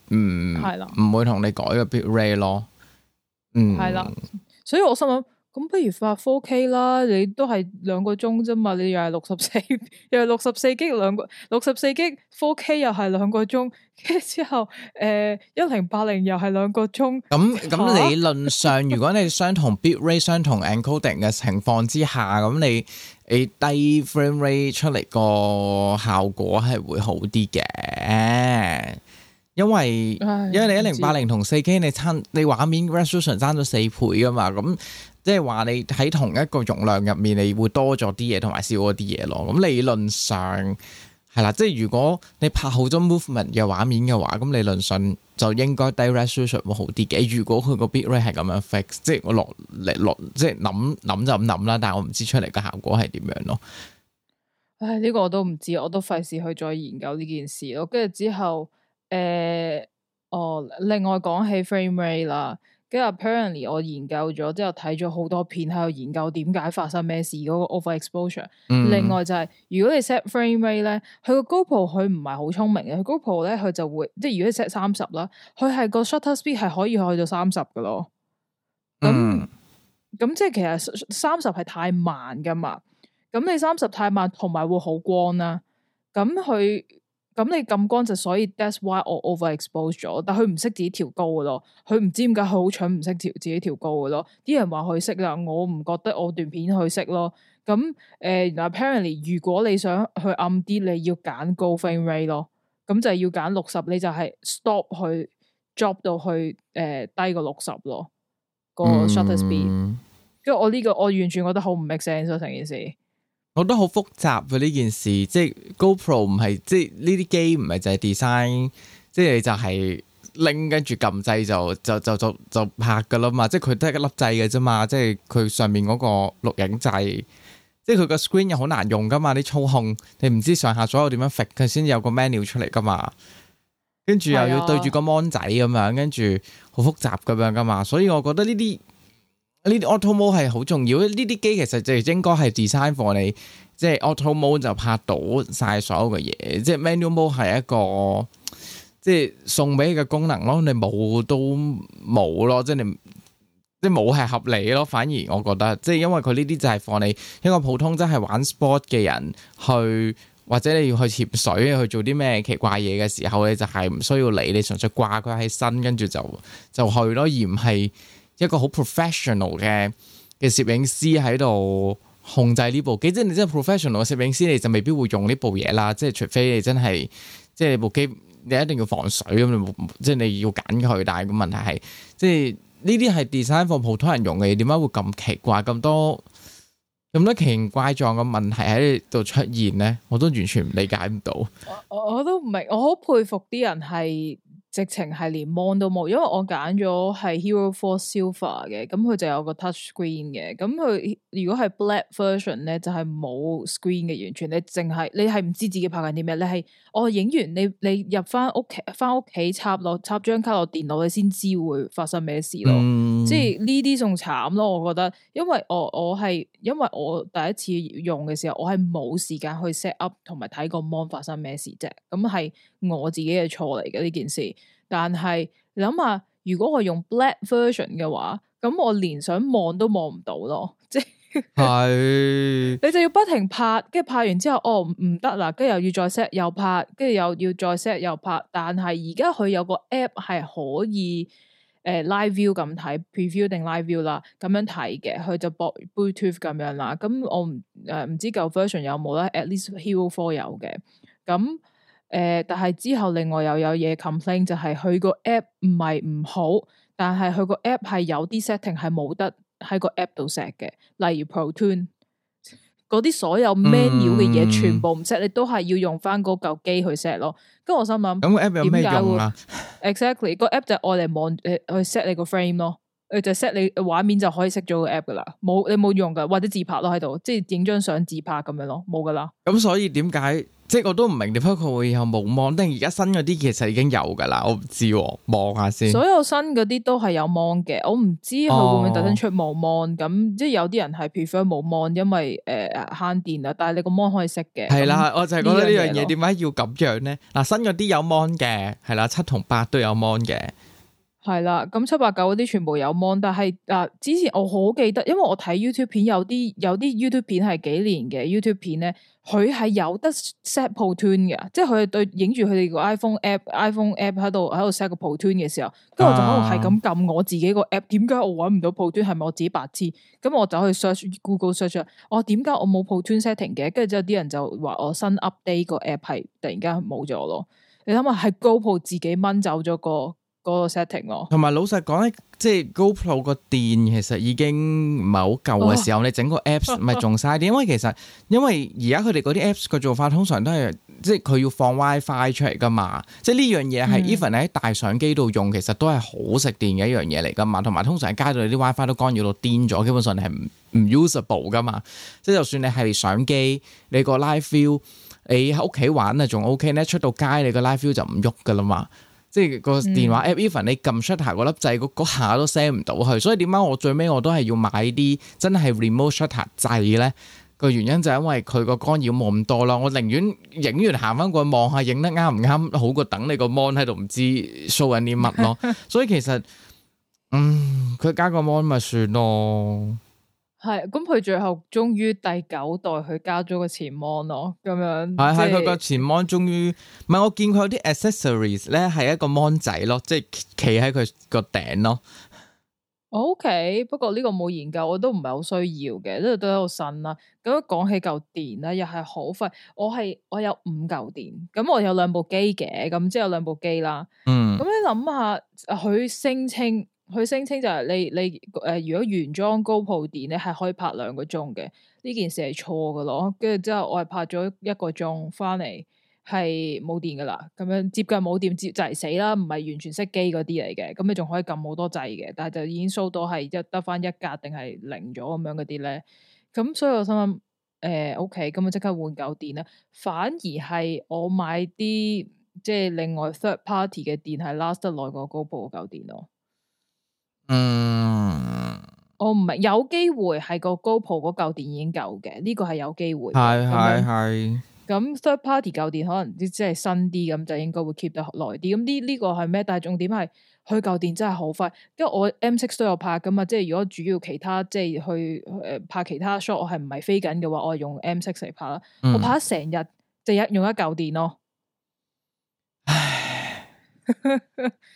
嗯，係啦的，唔會同你改個 bit rate 咯。嗯，係啦，所以我心諗，咁不如發 4K 啦，你都係兩個鐘啫嘛，你又係六十四，又係六十四 G 兩個，六十四 G 4K 又係兩個鐘，跟住之後，誒、呃，一零八零又係兩個鐘。咁咁理論上， (laughs) 如果你相同 bit rate、相同 encoding 嘅情況之下，咁你你低 frame rate 出嚟個效果係會好啲嘅。因為因為你一零八零同四 K 你差你畫面 resolution 差咗四倍噶嘛，咁即係話你喺同一個容量入面，你會多咗啲嘢，同埋少咗啲嘢咯。咁理論上係啦，即係如果你拍好多 movement 嘅畫面嘅話，咁理論上就應該低 resolution 會好啲嘅。如果佢個 bit rate 係咁樣 fix，即係我落嚟，落即係諗諗，就咁諗啦，但係我唔知出嚟嘅效果係點樣咯。唉，呢個我都唔知，我都費事去再研究呢件事咯。跟住之後。誒，哦，uh, oh, 另外講起 frame rate 啦，跟住 apparently 我研究咗之後睇咗好多片，喺度研究點解發生咩事嗰，那個 overexposure。嗯、另外就係、是、如果你 set frame rate 咧，佢個 GoPro 佢唔係好聰明嘅，佢 GoPro 咧佢就會即係如果你 set 三十啦，佢係個 shutter speed 係可以去到三十嘅咯。咁咁、嗯、即係其實三十係太慢噶嘛，咁你三十太慢同埋會好光啦，啊，咁佢。咁你暗光就所以，that's why 我 overexpose 咗，但佢唔識自己調高嘅咯，佢唔知點解佢好蠢唔識調自己調高嘅咯。啲人話佢識啦，我唔覺得我段片佢識咯。咁誒、呃、apparently 如果你想去暗啲，你要揀高 frame rate 咯，咁就係要揀六十，你就係 stop 去 drop 到去誒、呃、低過六十咯，那個 shutter speed。因為、嗯、我呢、這個我完全覺得好唔 make sense 咯，成件事。我覺得好複雜嘅呢件事，即係 GoPro 唔係即係呢啲機唔係就係 design，即係就係拎跟住撳掣就就就就，就拍噶啦嘛，即係佢都係一粒掣嘅啫嘛，即係佢上面嗰個錄影掣，即係佢個 screen 又好難用噶嘛，啲操控你唔知上下左右點樣 fit，佢先有個 menu 出嚟噶嘛，跟住又要對住個 mon 仔咁樣，跟住好複雜咁樣噶嘛，所以我覺得呢啲。呢啲 auto mode 係好重要，呢啲機其實就應該係 design for 你，即係 auto mode 就拍到晒所有嘅嘢，即係 manual mode 係一個即係送俾你嘅功能咯。你冇都冇咯，即係你，即係冇係合理咯。反而我覺得，即係因為佢呢啲就係放你一個普通真係玩 sport 嘅人去，或者你要去潛水去做啲咩奇怪嘢嘅時候咧，你就係唔需要你，你純粹掛佢喺身，跟住就就去咯，而唔係。一個好 professional 嘅嘅攝影師喺度控制呢部機，即係你真係 professional 嘅攝影師，你就未必會用呢部嘢啦。即係除非你真係，即係部機你一定要防水咁，你即係你要揀佢。但係個問題係，即係呢啲係 design for 普通人用嘅嘢，點解會咁奇怪咁多咁多奇形怪狀嘅問題喺度出現咧？我都完全唔理解唔到。我我都唔明，我好佩服啲人係。直情係連 mon 都冇，因為我揀咗係 Hero Four Silver 嘅，咁佢就有個 touch screen 嘅。咁佢如果係 black version 咧，就係冇 screen 嘅，完全你淨係你係唔知自己拍緊啲咩，你係我影完你你入翻屋企翻屋企插落插張卡落電腦，你先知會發生咩事咯。嗯、即係呢啲仲慘咯，我覺得，因為我我係因為我第一次用嘅時候，我係冇時間去 set up 同埋睇個 mon 發生咩事啫。咁係我自己嘅錯嚟嘅呢件事。但係諗下，如果我用 Black Version 嘅話，咁我連想望都望唔到咯，即 (laughs) 係是你就要不停拍，跟住拍完之後哦唔得啦，跟住又要再 set 又拍，跟住又要再 set 又拍。但係而家佢有個 App 係可以誒、呃、Live View 咁睇 Preview 定 Live View 啦，咁樣睇嘅，佢就播 Bluetooth 咁樣啦。咁我唔誒唔知舊 Version 有冇啦，At least Hero Four 有嘅，咁。誒，但係之後另外又有嘢 complain，就係佢個 app 唔係唔好，但係佢個 app 係有啲 setting 係冇得喺個 app 度 set 嘅，例如 Protune 嗰啲所有 menu 嘅嘢全部唔 set，你都係要用翻嗰舊機去 set 咯、嗯。跟住我心諗，咁個 app 有咩用啊？Exactly 個 app 就我嚟望誒去 set 你個 frame 咯，佢就 set 你畫面就可以 set 咗個 app 噶啦。冇你冇用噶，或者自拍咯喺度，即係影張相自拍咁樣咯，冇噶啦。咁所以點解？即係我都唔明點解佢會有冇芒，o 但係而家新嗰啲其實已經有㗎啦，我唔知，望下先。所有新嗰啲都係有芒嘅，我唔知佢會唔會特登出冇芒。o 咁、哦、即係有啲人係 prefer 冇芒，因為誒慳、呃、電啊。但係你個芒可以熄嘅。係啦，我就係覺得呢樣嘢點解要咁樣咧？嗱，新嗰啲有芒嘅，係啦，七同八都有芒嘅。係啦，咁七八九嗰啲全部有 mon，但係嗱、啊，之前我好記得，因為我睇 you you YouTube 片有啲有啲 YouTube 片係幾年嘅 YouTube 片咧，佢係有得 set p o t 抱端嘅，即係佢係對影住佢哋個 iPhone app、iPhone app 喺度喺度 set 個抱端嘅時候，跟住我就喺度係咁撳我自己個 app，點解我搵唔到 p o t 抱端？係咪我自己白痴？咁我走去 search Google search，我點解我冇 p o t 抱端 setting 嘅？跟住之後啲人就話我新 update 個 app 係突然間冇咗咯，你諗下係高 o 自己掹走咗個。嗰個 setting 咯，同埋老實講咧，即係 GoPro 個電其實已經唔係好夠嘅時候，哇你整個 apps 唔係仲嘥啲。 (laughs) 因為其實因為而家佢哋嗰啲 apps 嘅做法通常都係即係佢要放 WiFi 出嚟噶嘛，即係呢樣嘢係 even 喺大相機度用，其實都係好食電嘅一樣嘢嚟噶嘛。同埋通常喺街度你啲 WiFi 都干擾到癲咗，基本上係唔 usable 噶嘛。即係就算你係相機，你個 live view 你喺屋企玩啊仲 OK 咧，出到街你個 live view 就唔喐噶啦嘛。即係個電話 app，even、嗯、你撳 shutter 嗰粒掣嗰下都 send 唔到去，所以點解我最尾我都係要買啲真係 remote shutter 掣咧？個原因就係因為佢個干擾冇咁多咯，我寧願影完行翻過去望下影得啱唔啱，好過等你個 mon 喺度唔知 show 緊啲乜咯。 (laughs) 所以其實，嗯，佢加個 mon 咪算咯。係，咁佢最後終於第九代佢加咗個前 mon 咯，咁樣係係佢個前 mon 終於，唔係我見佢有啲 accessories 咧，係一個 mon 仔咯，即係企喺佢個頂咯。OK，不過呢個冇研究，我都唔係好需要嘅，即係都喺度新啦。咁講起舊電咧，又係好快。我係我有五舊電，咁我有兩部機嘅，咁即係有兩部機啦。嗯，咁你諗下佢聲稱。佢聲稱就係你你誒、呃，如果原裝高普電咧，係可以拍兩個鐘嘅。呢件事係錯嘅咯。跟住之後，我係拍咗一個鐘翻嚟，係冇電嘅啦。咁樣接近冇電接就嚟死啦，唔係完全熄機嗰啲嚟嘅。咁你仲可以撳好多掣嘅，但係就已經 show 到係一得翻一格定係零咗咁樣嗰啲咧。咁所以我心諗誒、呃、OK，咁啊即刻換舊電啦。反而係我買啲即係另外 third party 嘅電係 last 耐過高普嘅舊電咯。嗯，我唔係有機會係個高普嗰舊電已經夠嘅，呢、這個係有機會。係係係。咁 third party 舊電可能即係新啲，咁就應該會 keep 得耐啲。咁呢呢個係咩？但係重點係佢舊電真係好快，因為我 M six 都有拍噶嘛。即係如果主要其他即係去誒、呃、拍其他 shot，我係唔係飛緊嘅話，我用 M six 嚟拍啦。嗯、我拍成日，即係用一舊電咯。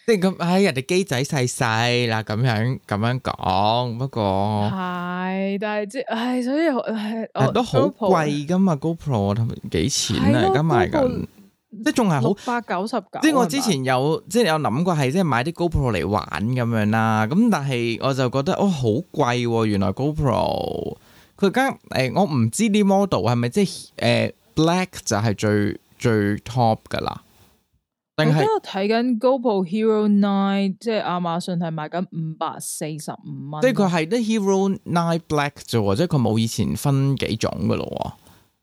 即係咁，哎，人哋機仔細細啦，咁樣咁樣講。不過係，但係即係，所以係都好貴噶嘛，GoPro 同幾錢啊？而家賣緊，即係仲係六百九十九。即係我之前有，即係有諗過係，即係買啲 GoPro 嚟玩咁樣啦。咁但係我就覺得哦，好貴。原來 GoPro 佢而家誒，我唔知啲 model 係咪即係誒，Black 就係最最 top 噶啦。我9，是是而家睇緊 GoPro Hero Nine，即係亞馬遜係賣緊五百四十五蚊。即係佢係啲 Hero Nine Black 啫，即係佢冇以前分幾種噶咯。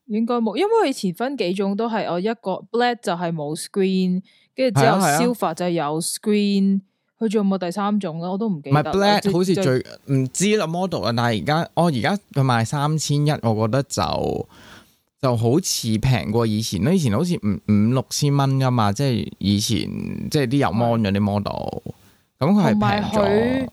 應該冇，因爲以前分幾種都係我一個 Black 就係冇 screen，跟住只有 Silver 就係有 screen。佢仲有冇第三種咧？我都唔記得。是 Black 就好似最唔就知啦 model 啦，但係而家我而家佢賣三千一，我覺得就。就好似平過以前咯，以前好似五五六千蚊噶嘛，即係以前即係啲油 mon 啲 model，咁佢係平咗佢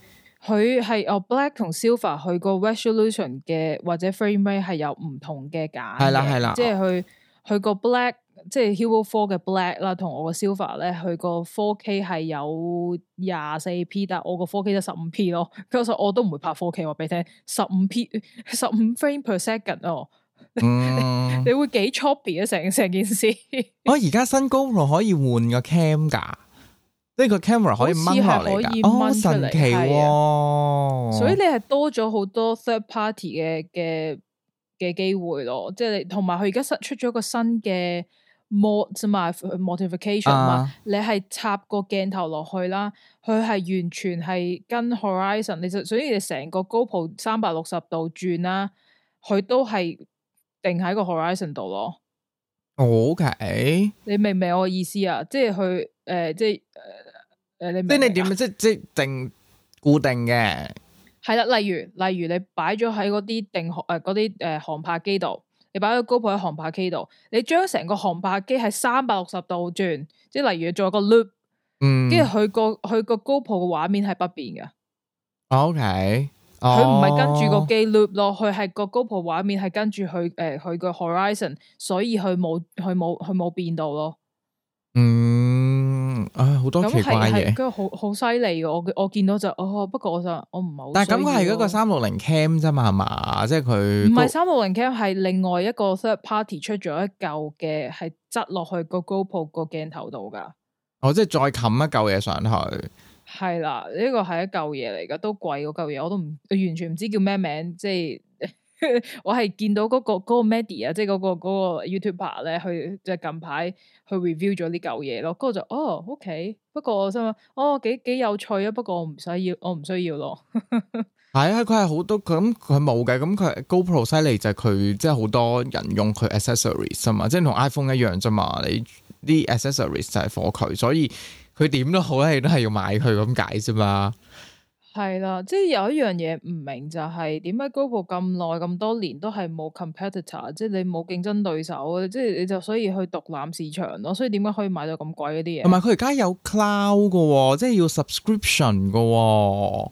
佢係哦 black 同 silver，佢個 resolution 嘅或者 frame rate 係有唔同嘅解。係啦係啦，啊、即係佢佢個 black 即係 hero four 嘅 black 啦，同我個 silver 咧，佢個 four k 係有廿四 p，但係我個 four k 得十五 p 咯。其實我都唔會拍 four k，話俾你聽十五 p 十五 frame per second 哦。嗯、 (laughs) 你會幾 choppy 啊，成成件事？我而家新 GoPro 可以換個 cam 噶，呢、這、係個 camera 可以掹落嚟以哦神奇喎、哦啊！所以你係多咗好多 third party 嘅嘅嘅機會咯，即係你同埋佢而家出出咗個新嘅 mod 啫嘛、uh.，modification 嘛，uh. 你係插個鏡頭落去啦，佢係完全係跟 horizon，你所所以成個 GoPro 三百六十度轉啦，佢都係。定喺個 horizon 度咯。OK，你明唔明我嘅意思啊？即係去誒、呃，即係誒、呃，你明明即係點啊？即即係定固定嘅。係啦，例如例如你擺咗喺嗰啲定誒啲誒航拍機度，你擺咗 GoPro 喺航拍機度，你將成個航拍機喺三百六十度轉，即係例如你做一個 loop，嗯，跟住佢個佢個 GoPro 嘅畫面係不變嘅。OK。佢唔係跟住個機 loop 落去，佢係個 GoPro 畫面係跟住佢誒佢、呃、個 horizon，所以佢冇佢冇佢冇變到咯。嗯，啊好多奇怪嘢。好好犀利我我見到就哦，不過我就我唔係。但係咁佢係嗰個三六零 cam 啫嘛，係嘛，即係佢。唔係三六零 cam，係另外一個 third party 出咗一嚿嘅，係塞落去個 GoPro 個鏡頭度噶。哦，即係再冚一嚿嘢上去。係啦，呢、這個係一舊嘢嚟噶，都貴個舊嘢，我都唔完全唔知叫咩名。即係 (laughs) 我係見到嗰、那個嗰、那個 Media 啊，那個、edia，即係、那、嗰個、那個 YouTuber 咧去即係近排去 review 咗呢舊嘢咯。咁我就哦，OK，不過我心諗哦幾幾有趣啊。不過我唔使要，我唔需要咯。係 (laughs) 啊、哎，佢係好多，咁佢冇嘅，咁佢 GoPro 犀利就係、是、佢即係好多人用佢 accessories 啊嘛，即係同 iPhone 一樣啫嘛，你。啲 accessories 就係火佢，所以佢點都好咧，你都係要買佢咁解啫嘛。係啦，即係有一樣嘢唔明就係、是、點解 Google 咁耐咁多年都係冇 competitor，即係你冇競爭對手，即係你就所以去獨攬市場咯。所以點解可以買到咁貴嗰啲嘢？同埋佢而家有 cloud 嘅，即係要 subscription 嘅，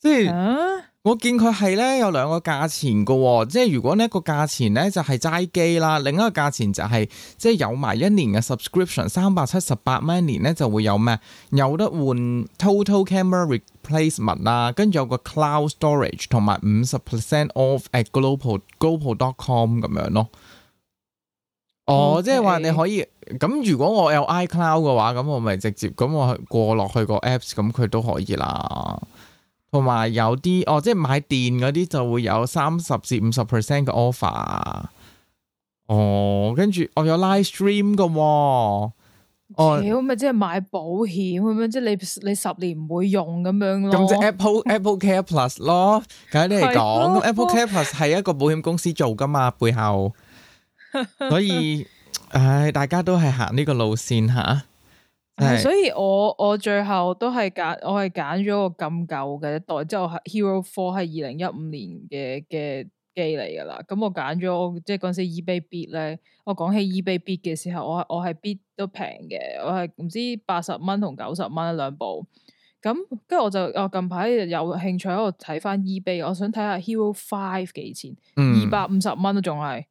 即係。啊我見佢係咧有兩個價錢嘅喎、哦，即係如果呢一個價錢咧就係、是、齋機啦，另一個價錢就係、是、即係有埋一年嘅 subscription，三百七十八蚊一年咧就會有咩有得換 total camera replacement 啦，跟住有個 cloud storage 同埋五十 percent off at GoPro GoPro.com 咁樣咯。哦，Okay. 即係話你可以咁，如果我有 iCloud 嘅話，咁我咪直接咁我過落去個 apps，咁佢都可以啦。同埋有啲哦，即係買電嗰啲就會有三十至五十 percent 嘅 offer。哦，跟住我有 live stream 嘅。哦，咪即係買保險咁樣，即係、就是、你你十年唔會用咁樣咯。咁即 Apple Apple Care Plus 咯，簡單嚟講，咁了 Apple Care Plus 係一個保險公司做噶嘛，背後， (laughs) 所以唉，大家都係行呢個路線吓。啊。嗯、所以我我最後都係揀，我係揀咗個咁舊嘅一代，之後 Hero Four 係二零一五年嘅嘅機嚟噶啦。咁我揀咗，即係嗰時 eBay bid 咧。我講起 eBay bid 嘅時候，我我係 bid 都平嘅，我係唔知八十蚊同九十蚊兩部。咁跟住我就，我近排有興趣喺度睇翻 eBay，我想睇下 Hero Five 幾錢，二百五十蚊都仲係。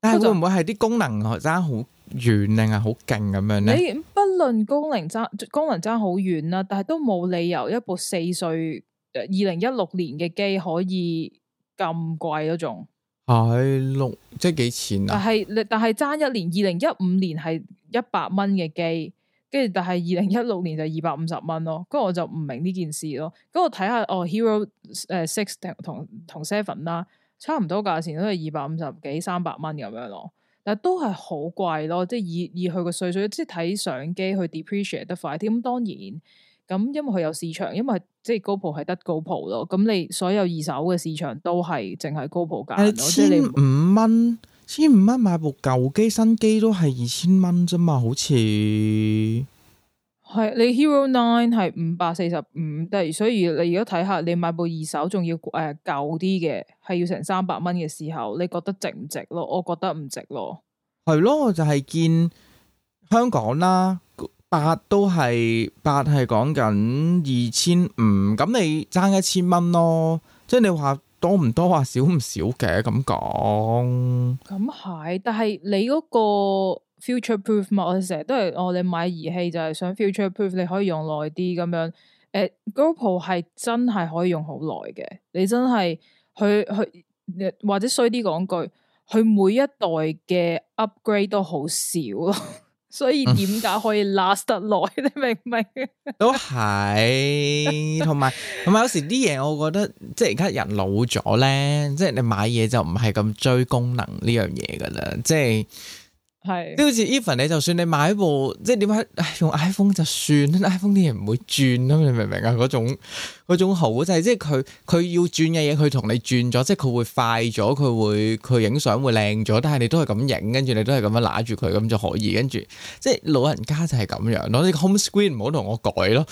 但係會唔會係啲功能學生好？遠定係好勁咁樣咧？你、啊哎、不論功能爭功能爭好遠啦，但係都冇理由一部四歲二零一六年嘅機可以咁貴咯仲，係六、哎、即係幾錢啊？但係但係爭一年，二零一五年係一百蚊嘅機，跟住但係二零一六年就二百五十蚊咯。咁我就唔明呢件事咯。咁我睇下哦，Hero 誒 Six 同同 Seven 啦，差唔多價錢都係二百五十幾三百蚊咁樣咯。但都係好貴咯，即係以以佢個歲數，即係睇相機去 depreciate 得快啲。咁當然，咁因為佢有市場，因為即係 GoPro 係得 GoPro 咯。咁你所有二手嘅市場都係淨係 GoPro 價咯。欸、即係你千五蚊，千五蚊買部舊機新機都係二千蚊啫嘛，好似。係你 Hero Nine 係五百四十五，但係所以你如果睇下你買部二手仲要誒舊啲嘅，係要成三百蚊嘅時候，你覺得值唔值咯？我覺得唔值咯。係咯，就係見香港啦，八都係八係講緊二千五，咁你爭一千蚊咯，即係你話多唔多啊？話少唔少嘅咁講。咁係，但係你嗰個。future proof 嘛？我成日都係，我哋買儀器就係想 future proof，你可以用耐啲咁樣。誒，GoPro 係真係可以用好耐嘅，你真係佢佢或者衰啲講句，佢每一代嘅 upgrade 都好少咯， (laughs) 所以點解可以 last 得耐？嗯、 (laughs) 你明唔白明？都 (laughs) 係，同埋同埋有時啲嘢，我覺得即係而家人老咗咧，即係你買嘢就唔係咁追功能呢樣嘢噶啦，即係。係，即係好似 even 你，就算你買部即係點解用 iPhone 就算，iPhone 啲嘢唔會轉咯，你明唔明啊？嗰種嗰種好就係、是，即係佢佢要轉嘅嘢，佢同你轉咗，即係佢會快咗，佢會佢影相會靚咗，但係你都係咁影，跟住你都係咁樣揦住佢咁就可以，跟住即係老人家就係咁樣咯。你 home screen 唔好同我改咯，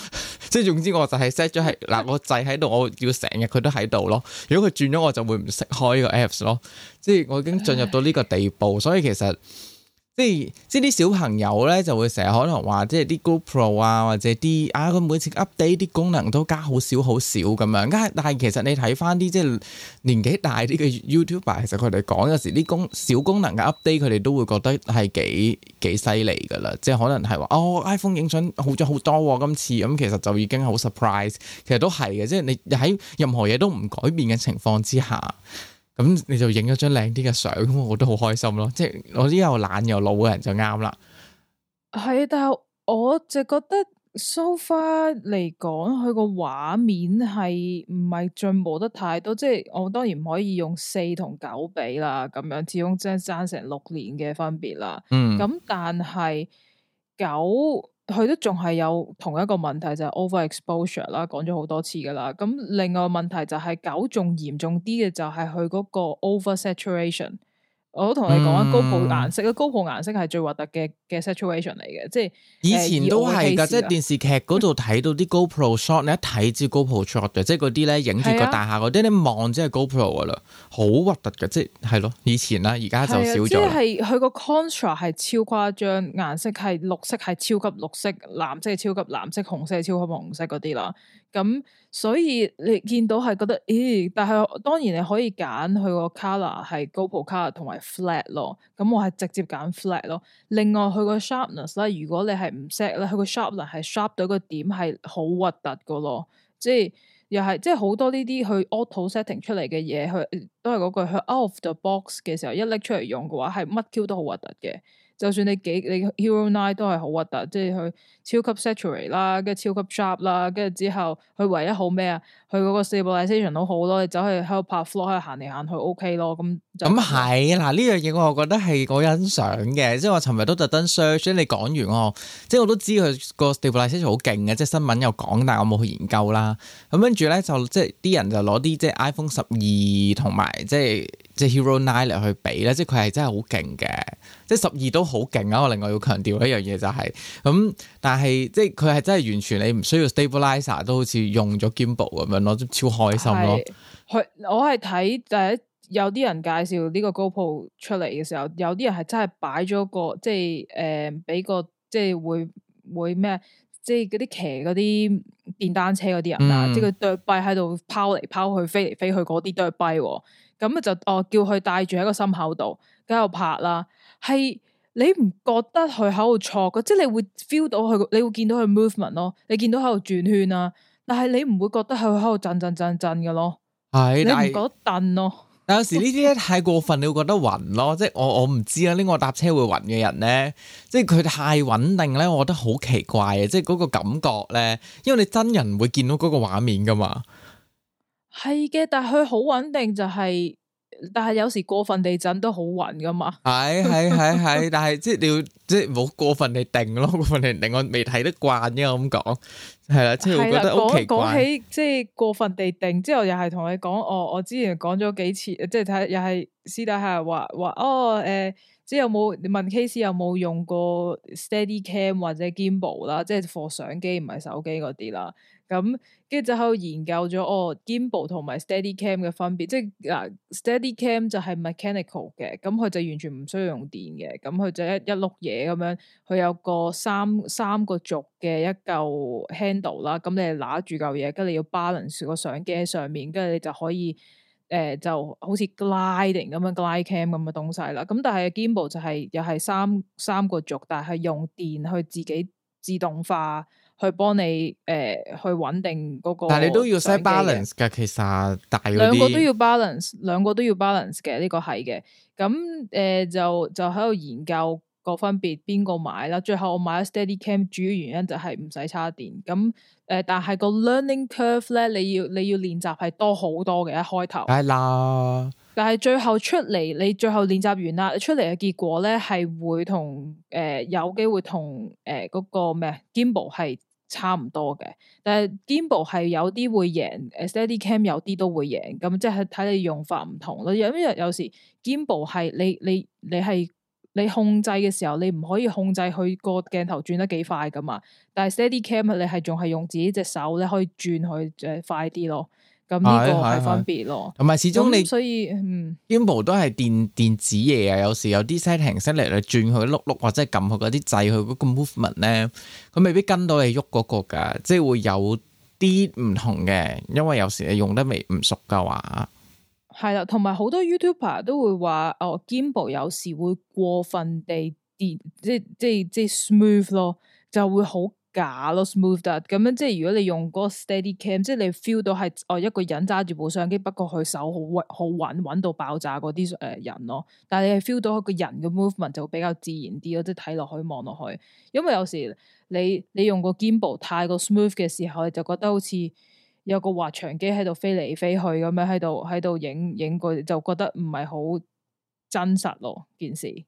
即係總之我就係 set 咗係嗱，我制喺度，我要成日佢都喺度咯。如果佢轉咗，我就會唔識開呢個 apps 咯。即係我已經進入到呢個地步，所以其實。即係即係啲小朋友咧，就會成日可能話，即係啲 GoPro 啊，或者啲啊，佢每次 update 啲功能都加好少好少咁樣。但係其實你睇翻啲即係年紀大啲嘅 YouTuber，其實佢哋講有時啲功小功能嘅 update，佢哋都會覺得係幾幾犀利噶啦。即係可能係話哦，iPhone 影相好咗好多喎，今次咁其實就已經好 surprise。其實都係嘅，即係你喺任何嘢都唔改變嘅情況之下。咁、嗯、你就影咗張靚啲嘅相，我覺得好開心咯！即係我呢又懶又老嘅人就啱啦。係，但係我就覺得，so far 嚟講，佢個畫面係唔係進步得太多。即係我當然唔可以用四同九比啦，咁樣始終即係爭成六年嘅分別啦。嗯。咁但係九。佢都仲係有同一個問題就係、是、overexposure 啦，講咗好多次噶啦。咁另外個問題就係、是、搞仲嚴重啲嘅就係佢嗰個 oversaturation。我都同你講啊，GoPro 顏色啊，GoPro 顏色係最核突嘅嘅 situation 嚟嘅，即係以前都係噶，即係電視劇嗰度睇到啲 GoPro shot， (laughs) 你一睇知 GoPro shot 嘅，即係嗰啲咧影住個大廈嗰啲你望即係 GoPro 噶啦，好核突嘅，即係係咯，以前啦、啊，而家就少咗。係佢個 contrast 係超誇張，顏色係綠色係超級綠色，藍色係超級藍色，紅色係超級紅色嗰啲啦。咁、嗯、所以你見到係覺得咦？但係當然你可以揀佢個 color 係 GoPro color 同埋 flat 咯。咁、嗯、我係直接揀 flat 咯。另外佢個 sharpness 咧，如果你係唔 set 咧，佢個 sharpness 係 sharp 到個點係好核突噶咯。即係又係即係好多呢啲去 auto setting 出嚟嘅嘢，佢都係嗰句，佢 out of the box 嘅時候一拎出嚟用嘅話，係乜 Q 都好核突嘅。就算你幾你 hero nine 都係好核突，即係佢。超級 saturated 啦，跟住超級 sharp 啦，跟住之後佢唯一好咩啊？佢嗰個 stabilisation 都好咯，你走去喺度拍 vlog，喺度行嚟行去 OK 咯。咁咁係嗱，呢樣嘢我覺得係我欣賞嘅，即係我尋日都特登 search。你講完我，即係我都知佢個 stabilisation 好勁嘅，即係新聞有講，但係我冇去研究啦。咁跟住咧就即係啲人就攞啲即係 iPhone 十二同埋即係即係 Hero Nine 嚟去比咧，即係佢係真係好勁嘅。即係十二都好勁啊！我另外要強調一樣嘢就係、是、咁，但係。但但係即係佢係真係完全你唔需要 s t a b i l i z e 都好似用咗肩部咁樣咯，超開心咯。我我係睇第一有啲人介紹呢個高 o 出嚟嘅時候，有啲人係真係擺咗個即係誒，俾個即係會會咩？即係嗰啲騎嗰啲電單車嗰啲人啊，嗯、即係佢踱跛喺度拋嚟拋去，飛嚟飛去、哦，嗰啲都係跛。咁咪就哦叫佢帶住喺個心口度，咁又拍啦，係。你唔覺得佢喺度錯嘅，即係你會 feel 到佢，你會見到佢 movement 咯。你見到喺度轉圈啊，但係你唔會覺得佢喺度震震震震嘅咯？係，你唔覺得咯？但有時呢啲咧太過分，你會覺得暈咯。即係我我唔知啊。呢個搭車會暈嘅人咧，即係佢太穩定咧，我覺得好奇怪啊。即係嗰個感覺咧，因為你真人會見到嗰個畫面噶嘛。係嘅，但係佢好穩定就係。但係有時過分地震都好暈噶嘛，係係係係，但係即係你要即係唔好過分地定咯，過分地定我未睇得慣因為，我咁講係啦，即係我覺得好奇怪，講起即係過分地定之後，又係同你講，我、哦、我之前講咗幾次，即係睇又係私底下話話哦，誒、呃，即係有冇你問 KC 有冇用過 Steady Cam 或者 gimbal 啦，即係放相機唔係手機嗰啲啦。咁，跟住就喺度研究咗哦，gimbal 同埋 steady cam 嘅分別。即係嗱、啊、steady cam 就係 mechanical 嘅，咁、嗯、佢就完全唔需要用電嘅。咁、嗯、佢就一一碌嘢咁樣，佢有個三三個軸嘅一嚿 handle 啦、嗯。咁你拿住嚿嘢，跟住你要 balance 住個相機喺上面，跟住你就可以誒、呃，就好似 gliding 咁嘅 glide cam 咁嘅東西啦。咁、嗯、但係 gimbal 就係、是、又係三三個軸，但係用電去自己自動化。去幫你誒、呃、去穩定嗰個，但係你都要 set balance 嘅，其實大兩個都要 balance，兩個都要 balance 嘅呢個係嘅。咁誒、呃、就就喺度研究個分別邊個買啦。最後我買咗 Steady Cam，主要原因就係唔使插電。咁誒、呃、但係個 learning curve 咧，你要你要練習係多好多嘅一開頭。係啦的，但係最後出嚟，你最後練習完啦，出嚟嘅結果咧係會同誒、呃、有機會同誒嗰個咩啊 Gimbal 係。差唔多嘅，但係 Gimbal 係有啲會贏，誒 Steady Cam 有啲都會贏，咁即係睇你用法唔同咯。有有有時 Gimbal 係你你你係你控制嘅時候，你唔可以控制佢個鏡頭轉得幾快㗎嘛。但係 Steady Cam 你係仲係用自己隻手咧可以轉佢誒快啲咯，咁呢個係分別咯，同埋、哎哎哎、始終你，所以嗯，gimbal 都係電電子嘢啊，有時有啲 setting，setting 你轉佢碌碌，或者撳佢嗰啲掣，佢嗰個 movement 咧，佢未必跟到你喐嗰個噶，即係會有啲唔同嘅，因為有時你用得未唔熟噶話，係啦，同埋好多 YouTuber 都會話哦，gimbal 有時會過分地電，即即即 smooth 咯，就會好。假咯，smooth 得咁樣，即係如果你用嗰個 steady cam，即係你 feel 到係哦一個人揸住部相機，不過佢手好穩好穩穩到爆炸嗰啲誒人咯。但係你係 feel 到一個人嘅 movement 就比較自然啲咯，即係睇落去望落去，去。因為有時你你用個 gimbal 太過 smooth 嘅時候，你就覺得好似有個滑翔機喺度飛嚟飛去咁樣喺度喺度影影，佢就覺得唔係好真實咯件事。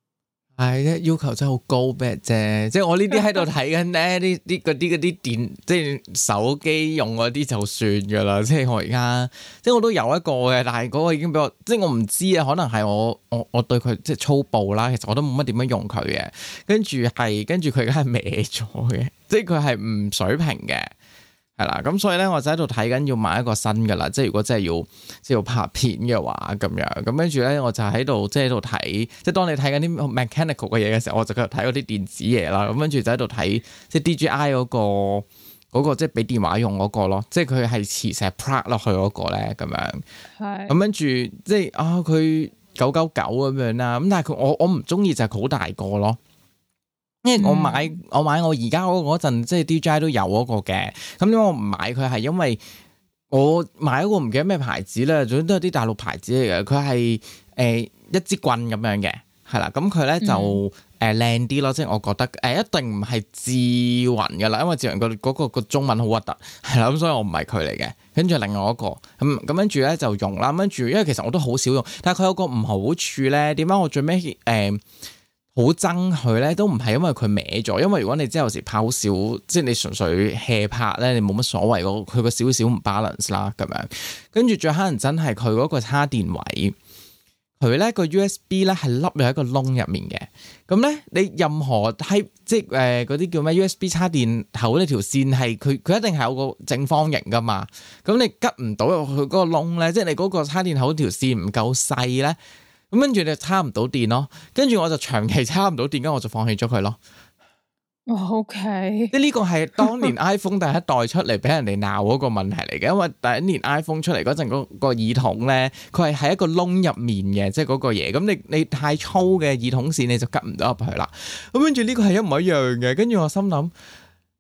係一、哎、要求真係好高逼啫，即係我呢啲喺度睇緊咧，呢啲嗰啲嗰啲電即係手機用嗰啲就算噶啦，即係我而家即係我都有一個嘅，但係嗰個已經比我即係我唔知啊，可能係我我我對佢即係粗暴啦，其實我都冇乜點樣用佢嘅，跟住係跟住佢而家係歪咗嘅，即係佢係唔水平嘅。係 (noise) 啦，咁所以咧，我就喺度睇緊要買一個新嘅啦，即係如果真係要即係要拍片嘅話咁樣，咁跟住咧，我就喺度即係喺度睇，即係當你睇緊啲 mechanical 嘅嘢嘅時候，我就喺度睇嗰啲電子嘢啦。咁跟住就喺度睇即係 DJI 嗰個嗰個即係俾電話用嗰個咯，即係佢係磁石 plug 落去嗰個咧咁樣。係咁跟住即係啊，佢九九九咁樣啦，咁但係佢我我唔中意就係佢好大個咯。嗯、我我為因為我買我買我而家嗰陣即係 DJI 都有嗰個嘅，咁點解我唔買佢係因為我買嗰個唔記得咩牌子啦，總之都係啲大陸牌子嚟嘅。佢係誒一支棍咁樣嘅，係啦，咁佢咧就誒靚啲咯，即係、嗯嗯、我覺得誒一定唔係智雲噶啦，因為智雲、嗰個嗰、嗰個中文好核突，係啦，咁所以我唔係佢嚟嘅。跟住另外一個咁咁跟住咧就用啦，跟住因為其實我都好少用，但係佢有個唔好處咧，點解我最尾……誒、呃？好憎佢咧，都唔係因為佢歪咗，因為如果你即係有時拍好少，即係你純粹 hea 拍咧，你冇乜所謂佢個少少唔 balance 啦咁樣。跟住最可能真係佢嗰個叉電位，佢咧個 USB 咧係凹咗喺個窿入面嘅。咁咧你任何喺即係誒嗰啲叫咩 USB 叉電口呢條線係佢佢一定係有個正方形噶嘛。咁你急唔到入去嗰個窿咧，即係你嗰個叉電口條線唔夠細咧。咁跟住你就插唔到電咯，跟住我就長期插唔到電，跟住我就放棄咗佢咯。哦，OK，即呢個係當年 iPhone 第一代出嚟，俾人哋鬧嗰個問題嚟嘅。 (laughs) 因為第一年 iPhone 出嚟嗰陣，嗰個耳筒咧，佢係喺一個窿入面嘅，即係嗰個嘢，咁你你太粗嘅耳筒線你就急唔到入去啦。咁跟住呢個係一模一樣嘅，跟住我心諗，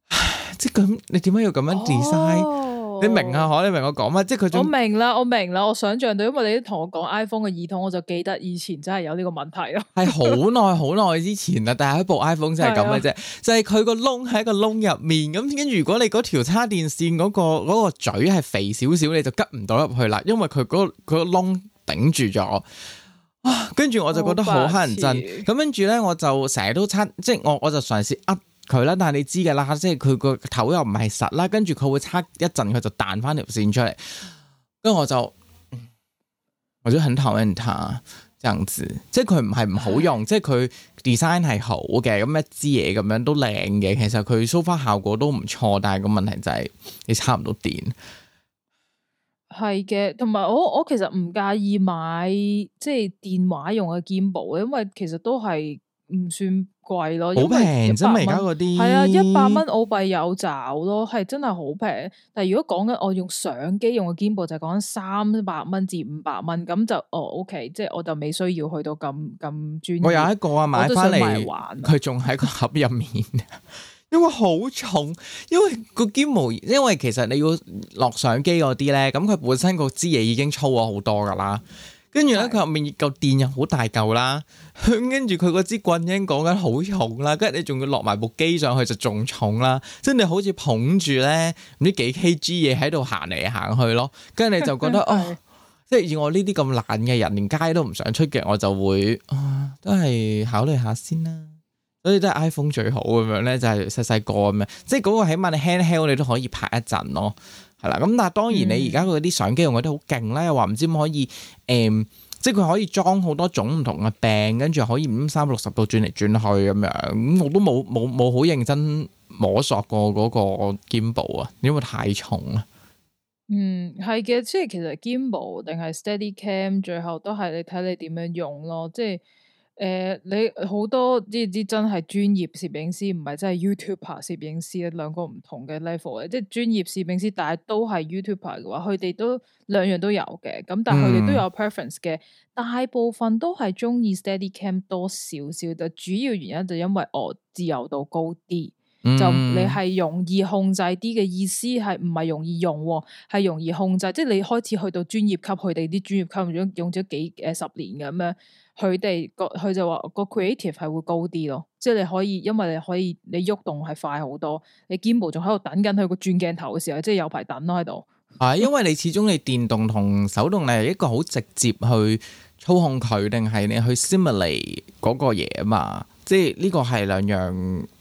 唉，即係咁你點解要咁樣 design？你明啊，可你明我講咩？即係佢，我明啦，我明啦，我想象到，因為你都同我講 iPhone 嘅耳筒，我就記得以前真係有呢個問題咯。係好耐好耐之前啦，但係一部 iPhone 真係咁嘅啫，啊、就係佢個窿喺個窿入面咁，跟住如果你嗰條叉電線嗰、那個、嗰個嘴係肥少少，你就吉唔到入去啦，因為佢嗰、嗰個嗰、嗰個窿頂住咗。哇！跟住我就覺得好乞人憎，咁跟住咧，我就成日都叉，即係我我就嘗試。佢啦，但係你知嘅啦，即係佢個頭又唔係實啦，跟住佢會差一陣，佢就彈翻條線出嚟，跟住我就，我就很討厭他，這樣子，即係佢唔係唔好用，的即係佢 design 係好嘅，咁一支嘢咁樣都靚嘅，其實佢 so far 效果都唔錯，但係個問題就係你差唔多電。係嘅，同埋我我其實唔介意買即係電話用嘅 Gimbal，因為其實都係。唔算貴咯，好平啫嘛！而家嗰啲係啊，一百蚊澳幣有找咯，係真係好平。但係如果講緊我用相機用個肩部，就係講緊三百蚊至五百蚊咁就哦，OK，即係我就未需要去到咁咁專業。我有一個啊，買翻嚟玩，佢仲喺個盒入面， (laughs) 因為好重，因為個肩模，因為其實你要落相機嗰啲咧，咁佢本身個支嘢已經粗咗好多噶啦。跟住咧，佢入面嚿電又好大嚿啦，跟住佢嗰支棍已經講緊好重啦，跟住你仲要落埋部機上去就仲重啦，即係你好似捧住咧唔知幾 kg 嘢喺度行嚟行去咯，跟住你就覺得 (laughs) 哦，即係以我呢啲咁懶嘅人，連街都唔想出嘅，我就會啊都係考慮下先啦，所以都係 iPhone 最好咁樣咧，就係細細個咁樣，即係嗰個起碼你輕輕你都可以拍一陣咯。係啦，咁但係當然你而家嗰啲相機用啲好勁咧，又話唔知可以誒、嗯，即係佢可以裝好多種唔同嘅柄，跟住可以五、三百六十度轉嚟轉去咁樣，咁我都冇冇冇好認真摸索過嗰個 gimbal 啊，因為太重啊。嗯，係嘅，即係其實 gimbal 定係 Steady Cam，最後都係你睇你點樣用咯，即係。誒、呃，你好多啲啲真係專業攝影師，唔係真係 YouTuber 攝影師，兩個唔同嘅 level 嘅，即係專業攝影師，但係都係 YouTuber 嘅話，佢哋都兩樣都有嘅，咁但係佢哋都有 preference 嘅，嗯、大部分都係鍾意 steady cam 多少少，就主要原因就因為我自由度高啲。就你係容易控制啲嘅，意思係唔係容易用？係容易控制。即係你開始去到專業級，佢哋啲專業級用咗用咗幾誒十年嘅咁樣，佢哋個佢就話個 creative 係會高啲咯。即係你可以，因為你可以你喐動係快好多，你肩部仲喺度等緊佢個轉鏡頭嘅時候，即係有排等咯喺度。係因為你始終你電動同手動你係一個好直接去操控佢，定係你去 simulate 嗰個嘢啊嘛。即係呢個係兩樣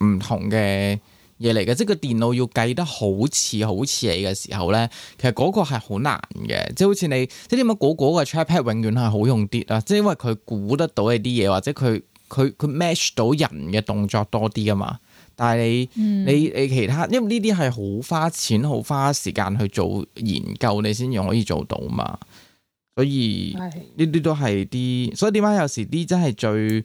唔同嘅嘢嚟嘅，即係個電腦要計得好似好似你嘅時候咧，其實嗰個係好難嘅。即係好似你，即係點解嗰嗰嘅 trackpad 永遠係好用啲啊？即係因為佢估得到一啲嘢，或者佢佢佢 match 到人嘅動作多啲啊嘛。但係你你你其他，因為呢啲係好花錢、好花時間去做研究，你先至可以做到嘛。所以呢啲都係啲，所以點解有時啲真係最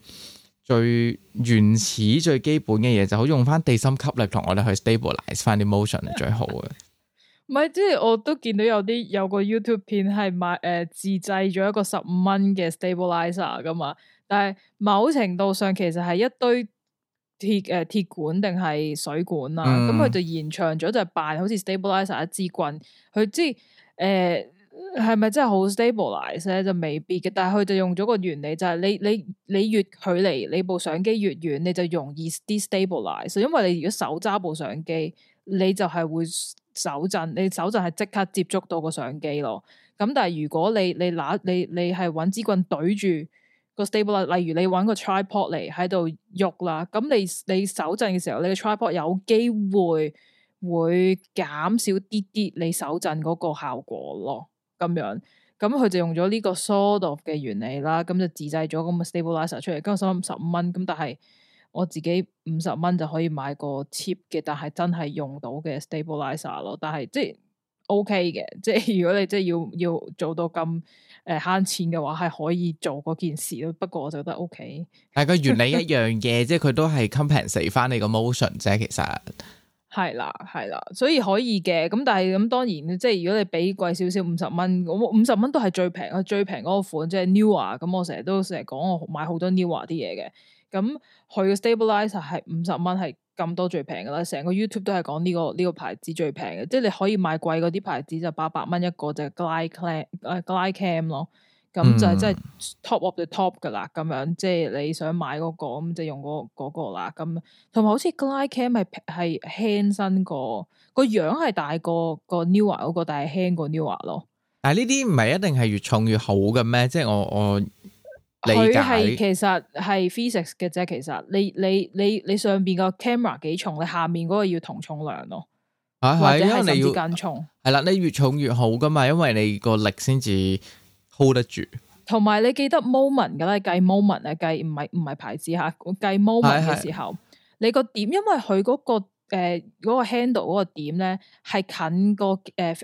最原始最基本嘅嘢，就好、是、用翻地心吸力同我哋去 stabilize 翻啲 motion 係最好嘅。唔係，即係我都見到有啲有個 YouTube 片係賣誒，自製咗一個十五蚊嘅 stabilizer 噶嘛。但係某程度上其實係一堆鐵誒，鐵管定係水管啊，咁佢、嗯、就延長咗就扮、是、好似 stabilizer 一支棍，佢即係誒。呃係咪真係好 stable 咧？就未必嘅。但係佢就用咗個原理就係你你你越距離你部相機越遠，你就容易 destabilize，因為你如果手揸部相機，你就係會手震，你手震係即刻接觸到個相機咯。咁但係如果你你拿你你係揾支棍懟住個 stable，例如你揾個 tripod 嚟喺度喐啦，咁你你手震嘅時候，你個 tripod 有機會會減少啲啲你手震嗰個效果咯。咁樣，咁佢就用咗呢個 sort of 嘅原理啦，咁就自製咗咁個 stabilizer 出嚟，跟住收十五蚊，咁但係我自己五十蚊就可以買個 cheap 嘅，但係真係用到嘅 stabilizer 咯，但係即係 OK 嘅，即係、okay、如果你即係要要做到咁誒慳錢嘅話，係可以做嗰件事咯。不過我就覺得 OK。但係個原理一樣嘢， (laughs) 即係佢都係 compensate 翻你個 motion 啫，其實。係啦，係啦，所以可以嘅。咁但係咁當然，即係如果你俾貴少少五十蚊，我五十蚊都係最平啊，最平嗰款即係 Newer。咁我成日都成日講我買好多 Newer 啲嘢嘅。咁佢嘅 Stabilizer 係五十蚊，係咁多最平噶啦。成個 YouTube 都係講呢個呢、呢個牌子最平嘅，即係你可以買貴嗰啲牌子就八百蚊一個就係、Glide Clamp、uh, Glide Cam 咯。咁就係即係 top of the top 噶啦，咁樣即係你想買嗰、那個咁就用嗰、那、嗰個啦。咁同埋好似 Glide Cam 係係輕身過個樣，係大過個 Newer 嗰個，但係輕過 Newer 咯。但係呢啲唔係一定係越重越好嘅咩？即係我我佢係其實係 Physics 嘅啫。其實你你你你上邊個 camera 幾重，你下面嗰個要同重量咯、啊。啊係、啊，因為你要係、嗯、啦，你越重越好噶嘛，因為你個力先至。hold 得住，同埋你記得 moment 嘅啦，計 moment 啊，計唔係唔係牌子吓，計 moment 嘅時候，係係你個點，因為佢嗰、嗰個誒 handle 嗰個 hand 點咧，係近個誒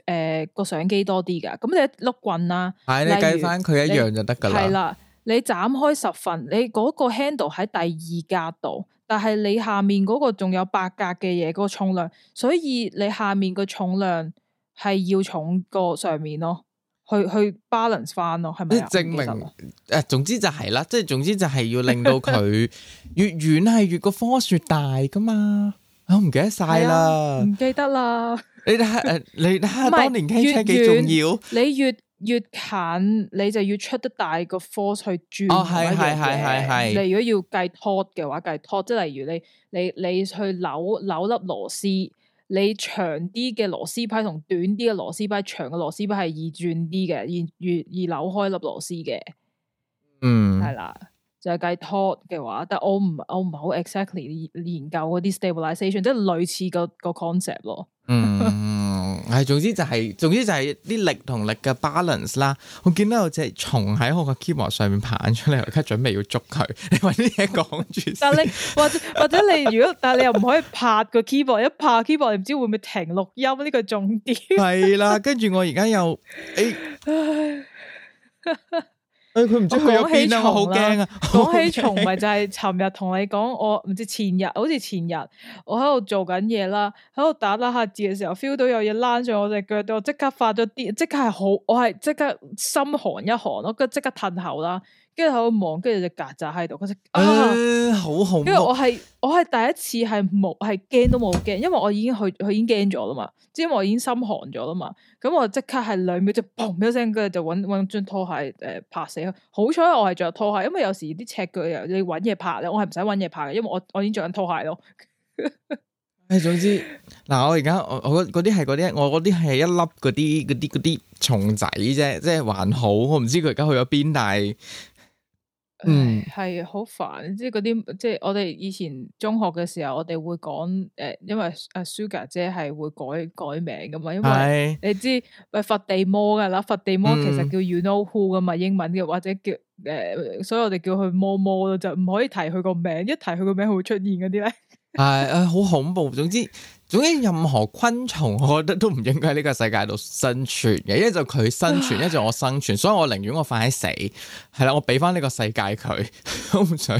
誒個相機多啲噶，咁你一碌棍啦，係你計翻佢一樣就得噶啦。係啦，你斬開十份，你嗰個 handle 喺第二格度，但係你下面嗰個仲有八格嘅嘢，嗰個重量，所以你下面個重量係要重過上面咯。去去 balance 翻咯，係咪啊？你證明誒實、呃，總之就係啦，即係總之就係要令到佢越遠係越個科越大噶嘛，我唔記得晒啦，唔記得啦。你睇誒，你睇下當年開車幾重要。越你越越近，你就要出得大個 force 去轉。哦、啊，係係係係係。你如果要計拖嘅話，計拖，即係例如你你你，你，你，你去扭你扭粒螺絲。你長啲嘅螺絲批同短啲嘅螺絲批，長嘅螺絲批係易轉啲嘅，易越易扭開粒螺絲嘅。嗯，係啦，就係計拖嘅話，但我唔我唔係好 exactly 研究嗰啲 stabilization 即係類似個，個 concept 咯。嗯。 (laughs) 係、就係，總之就係，總之就係啲力同力嘅 balance 啦。我見到有隻蟲喺我個 keyboard 上面爬出嚟，我而家準備要捉佢。你話呢啲嘢講住？ (laughs) 但係，或者或者你如果，但係你又唔可以拍個 keyboard， (laughs) 一拍 keyboard 唔知會唔會停錄音呢，呢個重點。係 (laughs) 啦，跟住我而家又誒。 (laughs) 佢唔知去咗，我好驚啊！講起蟲咪就係尋日同你講，我唔知前日，好似前日我喺度做緊嘢啦，喺度打打下字嘅時候，feel 到有嘢躝上我隻腳度，即刻發咗癲，即刻係好，我係即刻心寒一寒咯，跟住即刻褪後啦。跟住喺度望，跟住就曱甴喺度，我實好恐怖！因為我係我係第一次係冇係驚都冇驚，因為我已經去佢已經驚咗啦嘛，即係因為我已經心寒咗啦嘛，咁我即刻係兩秒就砰一聲，跟住就搵搵張拖鞋誒、呃、拍死佢。好彩我係着拖鞋，因為有時啲赤腳啊，你搵嘢拍咧，我係唔使搵嘢拍嘅，因為我我已經着緊拖鞋咯。誒， (laughs) 總之嗱，我而家我嗰啲係嗰啲，我嗰啲係一粒嗰啲嗰啲啲蟲仔啫，即係還好，我唔知佢而家去咗邊，但係。嗯，係好煩，即係嗰啲，即係我哋以前中學嘅時候，我哋會講誒、呃，因為誒 Sugar 姐係會改改名噶嘛，因為是你知誒伏地魔噶啦，佛地魔其實叫 You、嗯、Know Who 噶嘛，英文嘅或者叫誒、呃，所以我哋叫佢魔魔，就唔可以提佢個名，一提佢個名會，會出現嗰啲咧，係 (laughs) 啊，好、呃、恐怖，總之。總之任何昆蟲，我覺得都唔應該喺呢個世界度生存嘅，一係就佢生存，一係就我生存，哇所以我寧願我快啲死，係啦，我俾翻呢個世界佢，都唔想。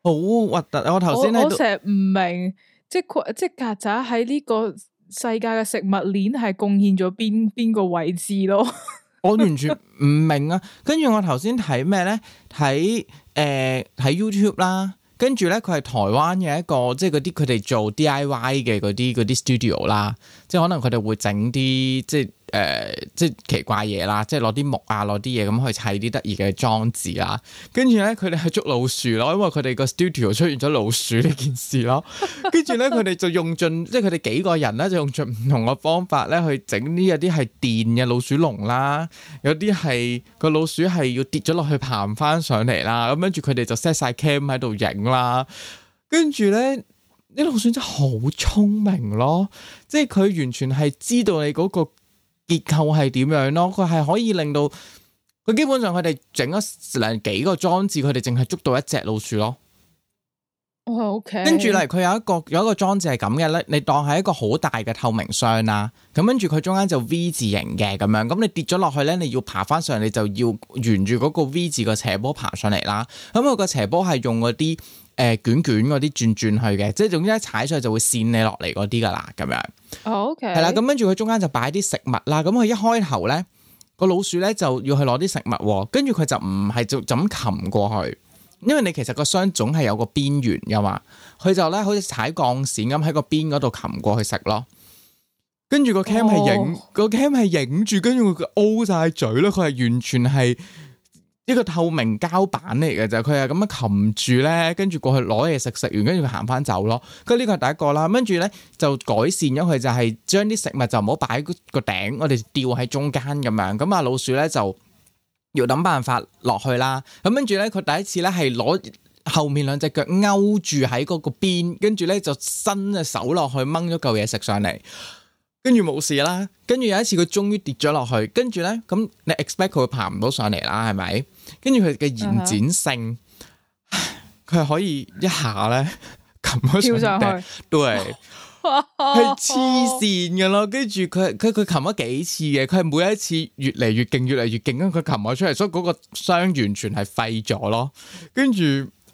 好核突！我頭先我成日唔明，即係即係曱甴喺呢個世界嘅食物鏈係貢獻咗邊邊個位置咯？ (laughs) 我完全唔明啊！跟住我頭先睇咩咧？睇誒，喺、呃、YouTube 啦。跟住咧，佢係台灣嘅一個，即係嗰啲佢哋做 DIY 嘅嗰啲嗰啲 studio 啦，即係可能佢哋會整啲即係。誒、呃，即係奇怪嘢啦，即係攞啲木啊，攞啲嘢咁去砌啲得意嘅裝置啦。跟住咧，佢哋係捉老鼠咯，因為佢哋個 studio 出現咗老鼠呢件事咯。跟住咧，佢哋就用盡， (laughs) 即係佢哋幾個人咧，就用盡唔同嘅方法咧，去整呢一啲係電嘅老鼠籠啦，有啲係個老鼠係要跌咗落去爬翻上嚟啦。咁跟住佢哋就 set 晒 cam 喺度影啦。跟住咧，啲老鼠真係好聰明咯，即係佢完全係知道你嗰個。結構係點樣咯？佢係可以令到佢，基本上佢哋整咗十零幾個裝置，佢哋淨係捉到一隻老鼠咯。OK。跟住嚟，佢有一個有一個裝置係咁嘅，咧，你當係一個好大嘅透明箱啦。咁跟住佢中間就 V 字形嘅咁樣，咁你跌咗落去咧，你要爬翻上，你就要沿住嗰個 V 字個斜坡爬上嚟啦。咁佢個斜坡係用嗰啲。誒、呃，捲捲嗰啲轉轉去嘅，即係總之一踩上去就會跣你落嚟嗰啲噶啦，咁樣。好嘅 Okay.，係啦，咁跟住佢中間就擺啲食物啦。咁佢一開頭咧，個老鼠咧就要去攞啲食物，跟住佢就唔係就就咁擒過去，因為你其實個箱總係有個邊緣嘅嘛。佢就咧好似踩鋼線咁喺個邊嗰度擒過去食咯。跟住個 cam 係影，oh. 個 cam 係影住、那個，跟住佢 O 晒嘴咯佢係完全係。一個透明膠板嚟嘅就，佢係咁樣擒住咧，跟住過去攞嘢食，食完跟住佢行翻走咯。佢呢個係第一個啦，跟住咧就改善咗，佢就係將啲食物就唔好擺喺個頂，我哋吊喺中間咁樣。咁啊老鼠咧就要諗辦法落去啦。咁跟住咧佢第一次咧係攞後面兩隻腳勾住喺嗰個邊，跟住咧就伸隻手落去掹咗嚿嘢食上嚟，跟住冇事啦。跟住有一次佢終於跌咗落去，跟住咧咁你 expect 佢會爬唔到上嚟啦，係咪？跟住佢嘅延展性，佢、uh huh. 可以一下咧，琴咗上去都係黐線㗎囉。跟住佢佢佢琴咗幾次嘅，佢係每一次越嚟越勁，越嚟越勁。咁佢琴咗出嚟，所以嗰個箱完全係廢咗咯。跟住。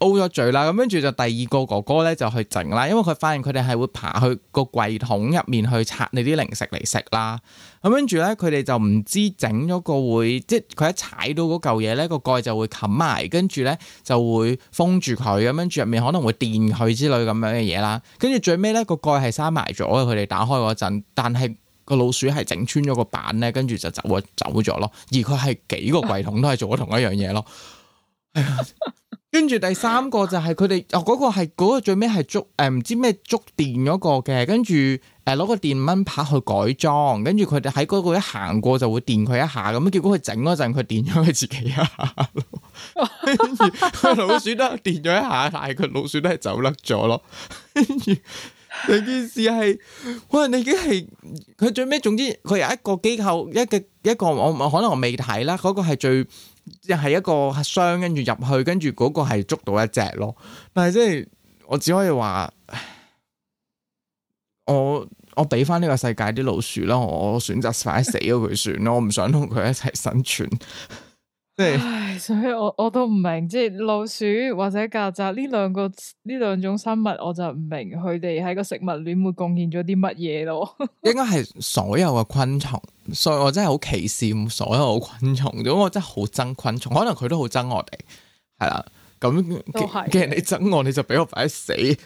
O 咗嘴啦，咁跟住就第二個哥哥咧就去整啦，因為佢發現佢哋係會爬去個櫃桶入面去拆你啲零食嚟食啦。咁跟住咧，佢哋就唔知整咗個會，即係佢一踩到嗰嚿嘢咧，個蓋就會冚埋，跟住咧就會封住佢，咁跟住入面可能會電佢之類咁樣嘅嘢啦。跟住最尾咧，個蓋係閂埋咗，佢哋打開嗰陣，但係個老鼠係整穿咗個板咧，跟住就走咗走咗咯。而佢係幾個櫃桶都係做咗同一樣嘢咯。哎呀。跟住第三個就係佢哋哦，嗰個係嗰個最尾係捉誒唔知咩捉電嗰個嘅，跟住誒攞個電蚊拍去改裝，跟住佢哋喺嗰個一行過就會電佢一下咁樣，結果佢整嗰陣佢電咗佢自己一下咯，跟住老鼠都電咗一下，但係佢老鼠都係走甩咗咯。跟住成件事係哇，你已經係佢最尾，總之佢有一個機構，一個一個,一個我可能我未睇啦，嗰個係最。又係一個箱，跟住入去，跟住嗰個係捉到一隻咯。但係即係我只可以話，我我俾翻呢個世界啲老鼠咯，我選擇快死咗佢算咯，我唔想同佢一齊生存。唉，所以我我都唔明，即係老鼠或者曱甴呢兩個呢兩種生物，我就唔明佢哋喺個食物鏈會貢獻咗啲乜嘢咯。應該係所有嘅昆蟲，所以我真係好歧視所有昆蟲，如果我真係好憎昆蟲，可能佢都好憎我哋，係啦。咁既然你憎我，你就俾我擺死。 (laughs)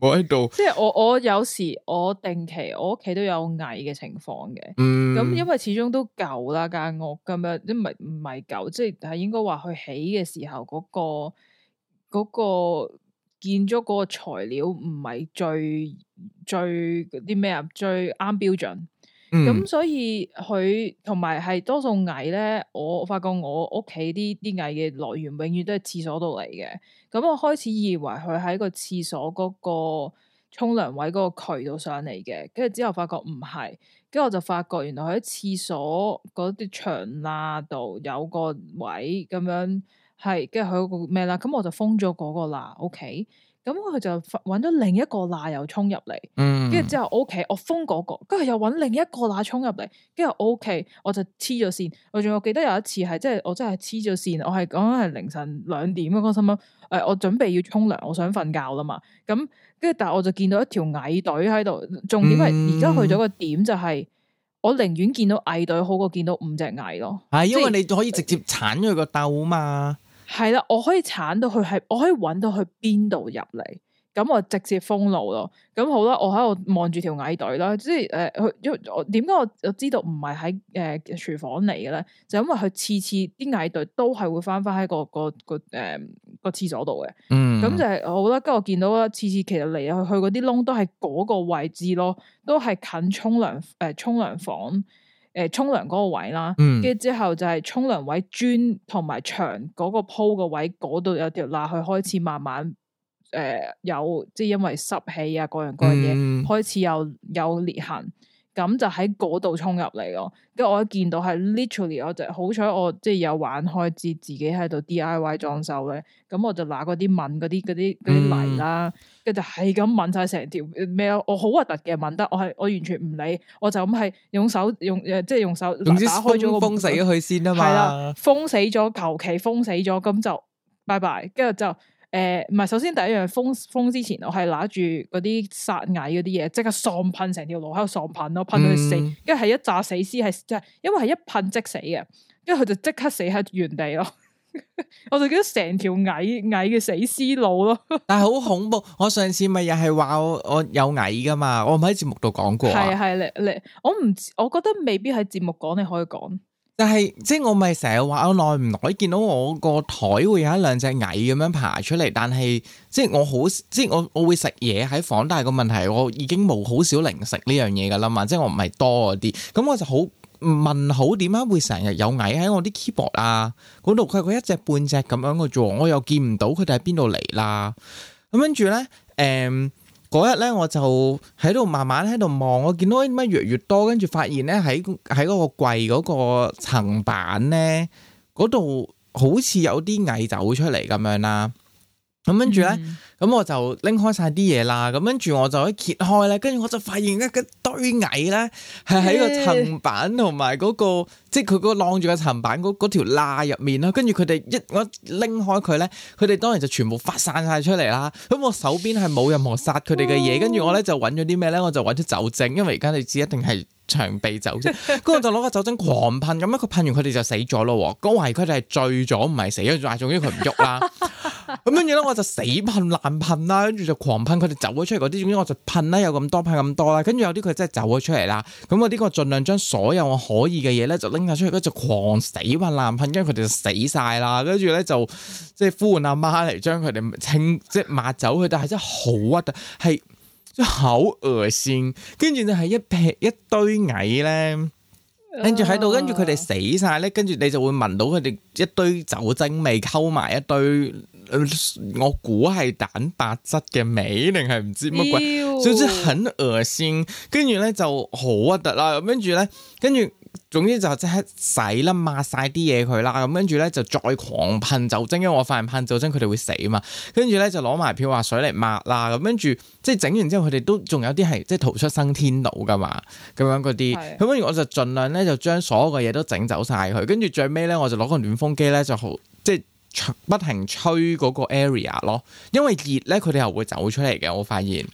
我喺度，即係我我有時我定期我屋企都有蟻嘅情況嘅，嗯，咁因為始終都舊啦間屋，咁樣都唔係唔係舊，即係係應該話佢起嘅時候嗰個嗰個建築嗰個材料唔係最最啲咩啊，最啱標準。咁、嗯、所以佢同埋係多數蟻咧，我發覺我屋企啲啲蟻嘅來源永遠都係廁所度嚟嘅。咁我開始以為佢喺個廁所嗰個沖涼位嗰個渠道上嚟嘅，跟住之後發覺唔係，跟住我就發覺原來佢喺廁所嗰啲牆罅度有個位咁樣，係。跟住佢嗰個咩啦，咁我就封咗嗰個啦，OK。咁佢就揾咗另一個罅，又衝入嚟，跟住、嗯、之後 O、OK, K，我封嗰、那個，跟住又揾另一個罅衝入嚟，跟住 O K，我就黐咗線。我仲我記得有一次係即係我真係黐咗線，我係講係凌晨兩點嗰個時候，誒，我準備要沖涼，我想瞓覺啦嘛。咁跟住但係我就見到一條蟻隊喺度，重點係而家去咗個點就係、是，嗯、我寧願見到蟻隊好過見到五隻蟻咯。係因為你可以直接鏟咗佢個竇嘛。係啦，我可以鏟到佢係，我可以揾到佢邊度入嚟，咁我直接封路咯。咁好啦，我喺度望住條蟻隊啦，即係誒，佢、呃、因為我點解我知道唔係喺誒廚房嚟嘅咧？就係、因為佢次次啲蟻隊都係會翻翻喺個、嗰個、嗰個誒、呃嗰個廁所度嘅，咁、嗯、就係、係、我咧。跟住我見到啦，次次其實嚟去去嗰啲窿都係嗰個位置咯，都係近沖涼誒沖涼房。誒，沖涼嗰個位啦，跟住之後就係沖涼位磚同埋牆嗰個鋪個位嗰度有條罅，佢開始慢慢誒有，即係因為濕氣啊各樣各樣嘢開始有有裂痕，咁、嗯、就喺嗰度沖入嚟咯。跟住、嗯嗯、我一見到係 literally，我就是嗯、好彩我即係有玩開自自己喺度 DIY 裝修咧，咁、嗯、我就拿嗰啲問啲啲嗰啲泥啦。嗯佢就係咁噴晒成條咩啊？我好核突嘅，噴得我係我完全唔理，我就咁係用手用誒，即係用手。用呃、即用手打總之封死咗佢先啊嘛。係啦，封死咗，求其封死咗，咁就拜拜。跟住就誒，唔、呃、係首先第一樣封封之前我，我係拿住嗰啲殺蟻嗰啲嘢，即刻喪噴成條路喺度喪噴咯，噴到佢死。跟住係一炸死屍，係即係，因為係一噴即死嘅，跟住佢就即刻死喺原地咯。 (laughs) 我就見到成條蟻蟻嘅死屍佬咯，但係好恐怖。我上次咪又係話我我有蟻噶嘛，我唔喺節目度講過？係係你你，我唔，我覺得未必喺節目講，你可以講。但係即係我咪成日話我耐唔耐見到我個台會有一兩隻蟻咁樣爬出嚟，但係即係我好，即係我我會食嘢喺房，但係個問題我已經冇好少零食呢樣嘢噶啦嘛，即係我唔係多嗰啲，咁我就好。問好點解會成日有蟻喺我啲 keyboard 啊嗰度，佢佢一隻半隻咁樣嘅啫，我又見唔到佢哋喺邊度嚟啦。咁跟住咧，誒、嗯，嗰日咧我就喺度慢慢喺度望，我見到乜越嚟越多，跟住發現咧喺喺嗰個櫃嗰個層板咧嗰度，好似有啲蟻走出嚟咁樣啦。咁跟住咧，咁我就拎開晒啲嘢啦。咁跟住我就一揭開咧，跟住我就發現一堆蟻咧，係喺個層板同埋嗰個，即係佢嗰個晾住嘅層板嗰嗰條罅入面啦。跟住佢哋一我一拎開佢咧，佢哋當然就全部發散晒出嚟啦。咁我手邊係冇任何殺佢哋嘅嘢，跟住我咧就揾咗啲咩咧，我就揾咗酒精，因為而家你知一定係長臂酒精。咁我就攞個酒精狂噴，咁啊，佢噴完佢哋就死咗咯。懷疑佢哋係醉咗，唔係死咗，仲要佢唔喐啦。咁跟住咧，我就死噴爛噴啦，跟住就狂噴。佢哋走咗出嚟嗰啲，總之我就噴啦，有咁多噴咁多啦。跟住有啲佢真係走咗出嚟啦。咁我啲我盡量將所有我可以嘅嘢咧，就拎晒出嚟，跟住狂死噴爛噴，跟住佢哋就死晒啦。跟住咧就即係呼喚阿媽嚟將佢哋清，即係抹走佢。但係真係好核突，係好顎先。跟住就係一撇一堆蟻咧。跟住喺度，跟住佢哋死晒咧，跟住你就會聞到佢哋一堆酒精味，溝埋一堆，我估係蛋白質嘅味，定係唔知乜鬼，所以很惡心。跟住咧就好核突啦，跟住咧，跟住。總之就即係洗啦，抹晒啲嘢、佢啦，咁跟住咧就再狂噴酒精，因為我發現噴酒精佢哋會死嘛，跟住咧就攞埋漂白水嚟抹啦，咁跟住即係整完之後佢哋都仲有啲係即係逃出生天到噶嘛，咁樣嗰啲。咁跟住我就盡量咧就將所有嘅嘢都整走晒佢，跟住最尾咧我就攞個暖風機咧就好即係不停吹嗰個 area 咯，因為熱咧佢哋又會走出嚟嘅，我發現。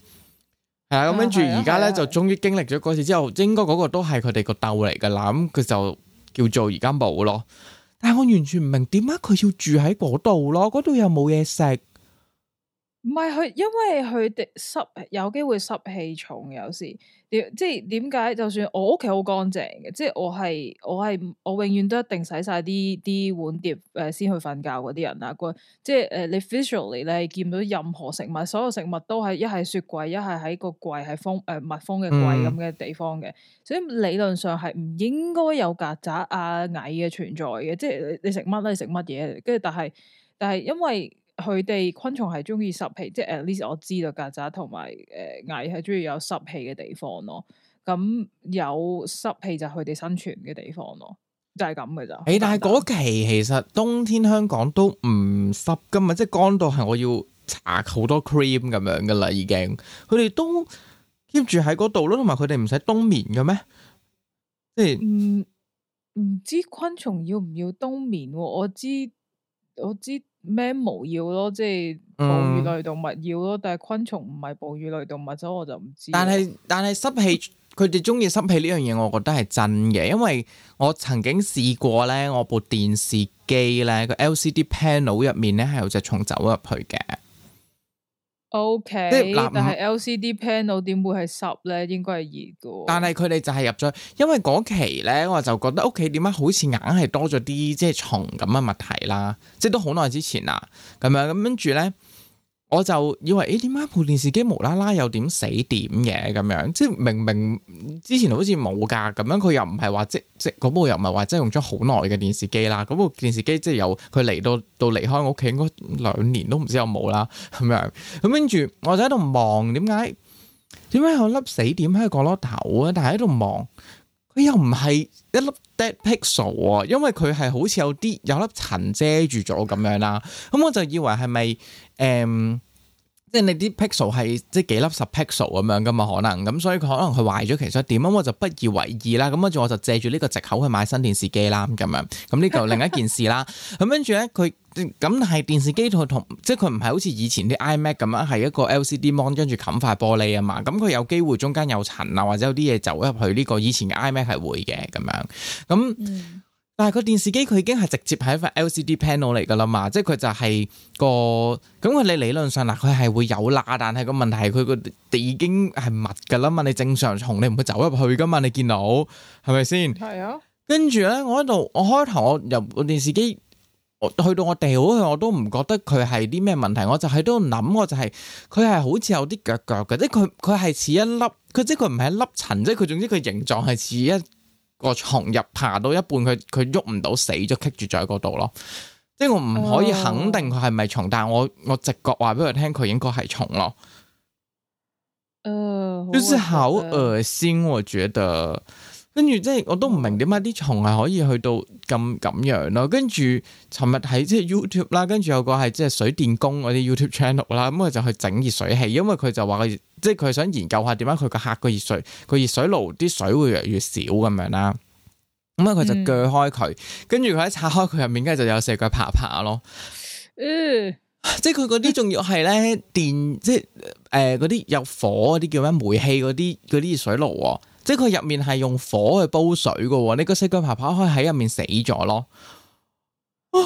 係咁，跟住而家咧就終於經歷咗次之後，應該個都係佢哋個竇嚟噶啦。咁佢就叫做而家冇咯。但係我完全唔明點解佢要住喺度咯？度又冇嘢食。唔係佢，因為佢哋濕有機會濕氣重，有時點即係點解？就算我屋企好乾淨嘅，即係我係我係我永遠都一定洗晒啲啲碗碟誒，先去瞓覺嗰啲人啦。即係誒，你 physically 咧見到任何食物，所有食物都係一係雪櫃，一係喺個櫃係封誒密封嘅櫃咁嘅地方嘅，嗯、所以理論上係唔應該有曱甴啊蟻嘅存在嘅。即係你食乜咧？食乜嘢？跟住但係但係因為。佢哋昆蟲係中意濕氣即係 at least 我知道曱甴同埋誒蟻係中意有濕氣嘅地方咯。咁有濕氣就係佢哋生存嘅地方咯，就係咁嘅咋。誒，但係嗰期其實冬天香港都唔濕噶嘛，即係乾到係我要搽好多 cream 咁樣噶啦，已經。佢哋都 keep 住喺嗰度咯，同埋佢哋唔使冬眠嘅咩？即係唔唔知昆蟲要唔要冬眠？我知我知。mammal 要咯，即係哺乳類動物要咯，但係昆蟲唔係哺乳類動物，咁我就唔知。但係但係濕氣，佢哋中意濕氣呢樣嘢，我覺得係真嘅，因為我曾經試過咧，我部電視機咧個 LCD panel 入面咧係有隻蟲走入去嘅。OK，但係 LCD panel 點會係十咧？應該係二個。但係佢哋就係入咗，因為嗰期咧，我就覺得屋企點解好似硬係多咗啲，即係蟲咁嘅物體啦，即係都好耐之前啦，咁樣咁跟住咧。我就以為誒點解部電視機無啦啦有點死點嘅咁樣，即係明明之前好似冇㗎咁樣，佢又唔係話即即嗰部又唔係話即係用咗好耐嘅電視機啦，嗰部電視機即係由佢嚟到到離開我屋企應該兩年都唔知有冇啦咁樣，咁跟住我就喺度望點解點解有粒死點喺角落頭啊，但係喺度望。誒又唔係一粒 dead pixel 啊，因為佢係好似有啲有粒塵遮住咗咁樣啦，咁、嗯、我就以為係咪誒？呃即你啲 pixel 係即係幾粒十 pixel 咁樣噶嘛，可能咁，所以佢可能佢壞咗，其實點樣我就不以為意啦，咁跟住我就借住呢個借口去買新電視機啦咁樣。咁呢個另一件事啦，咁跟住咧佢咁係電視機佢同即係佢唔係好似以前啲 iMac 咁樣係一個 LCD mon 跟住冚塊玻璃啊嘛，咁佢有機會中間有塵啊，或者有啲嘢走入去呢、這個以前嘅 iMac 係會嘅咁樣咁。但係個電視機佢已經係直接喺一塊 LCD panel 嚟噶啦嘛，即係佢就係個咁佢你理論上嗱佢係會有罅，但係個問題係佢個地已經係密噶啦嘛，你正常從你唔會走入去噶嘛，你見到係咪先？係啊， (music) 跟住咧，我喺度，我開頭我入個電視機，去到我掉咗去，我都唔覺得佢係啲咩問題，我就喺度諗，我就係佢係好似有啲腳腳嘅，即係佢佢係似一粒，佢即係佢唔係一粒塵，即係佢總之佢形狀係似一。個蟲入爬到一半，佢佢喐唔到，死咗，棘住咗喺嗰度咯。即係我唔可以肯定佢係咪蟲，呃、但係我我直覺話俾佢聽佢應該係蟲咯。誒、呃，就是好惡心，我覺得。跟住即係我都唔明點解啲蟲係可以去到咁咁樣咯。跟住尋日喺即係 YouTube 啦，ube，跟住有個係即係水電工嗰啲 YouTube channel 啦，咁佢就去整熱水器，因為佢就話佢，即係佢想研究下點解佢個客個熱水個熱水爐啲水會越嚟越少咁樣啦。咁啊佢就鋸開佢，嗯、跟住佢一拆開佢入面，跟住就有四腳爬爬咯。嗯、即係佢嗰啲仲要係咧電，即係誒嗰啲有火嗰啲叫咩煤氣嗰啲嗰啲熱水爐。即係佢入面係用火去煲水嘅、哦，呢個四腳爬爬可以喺入面死咗咯。哦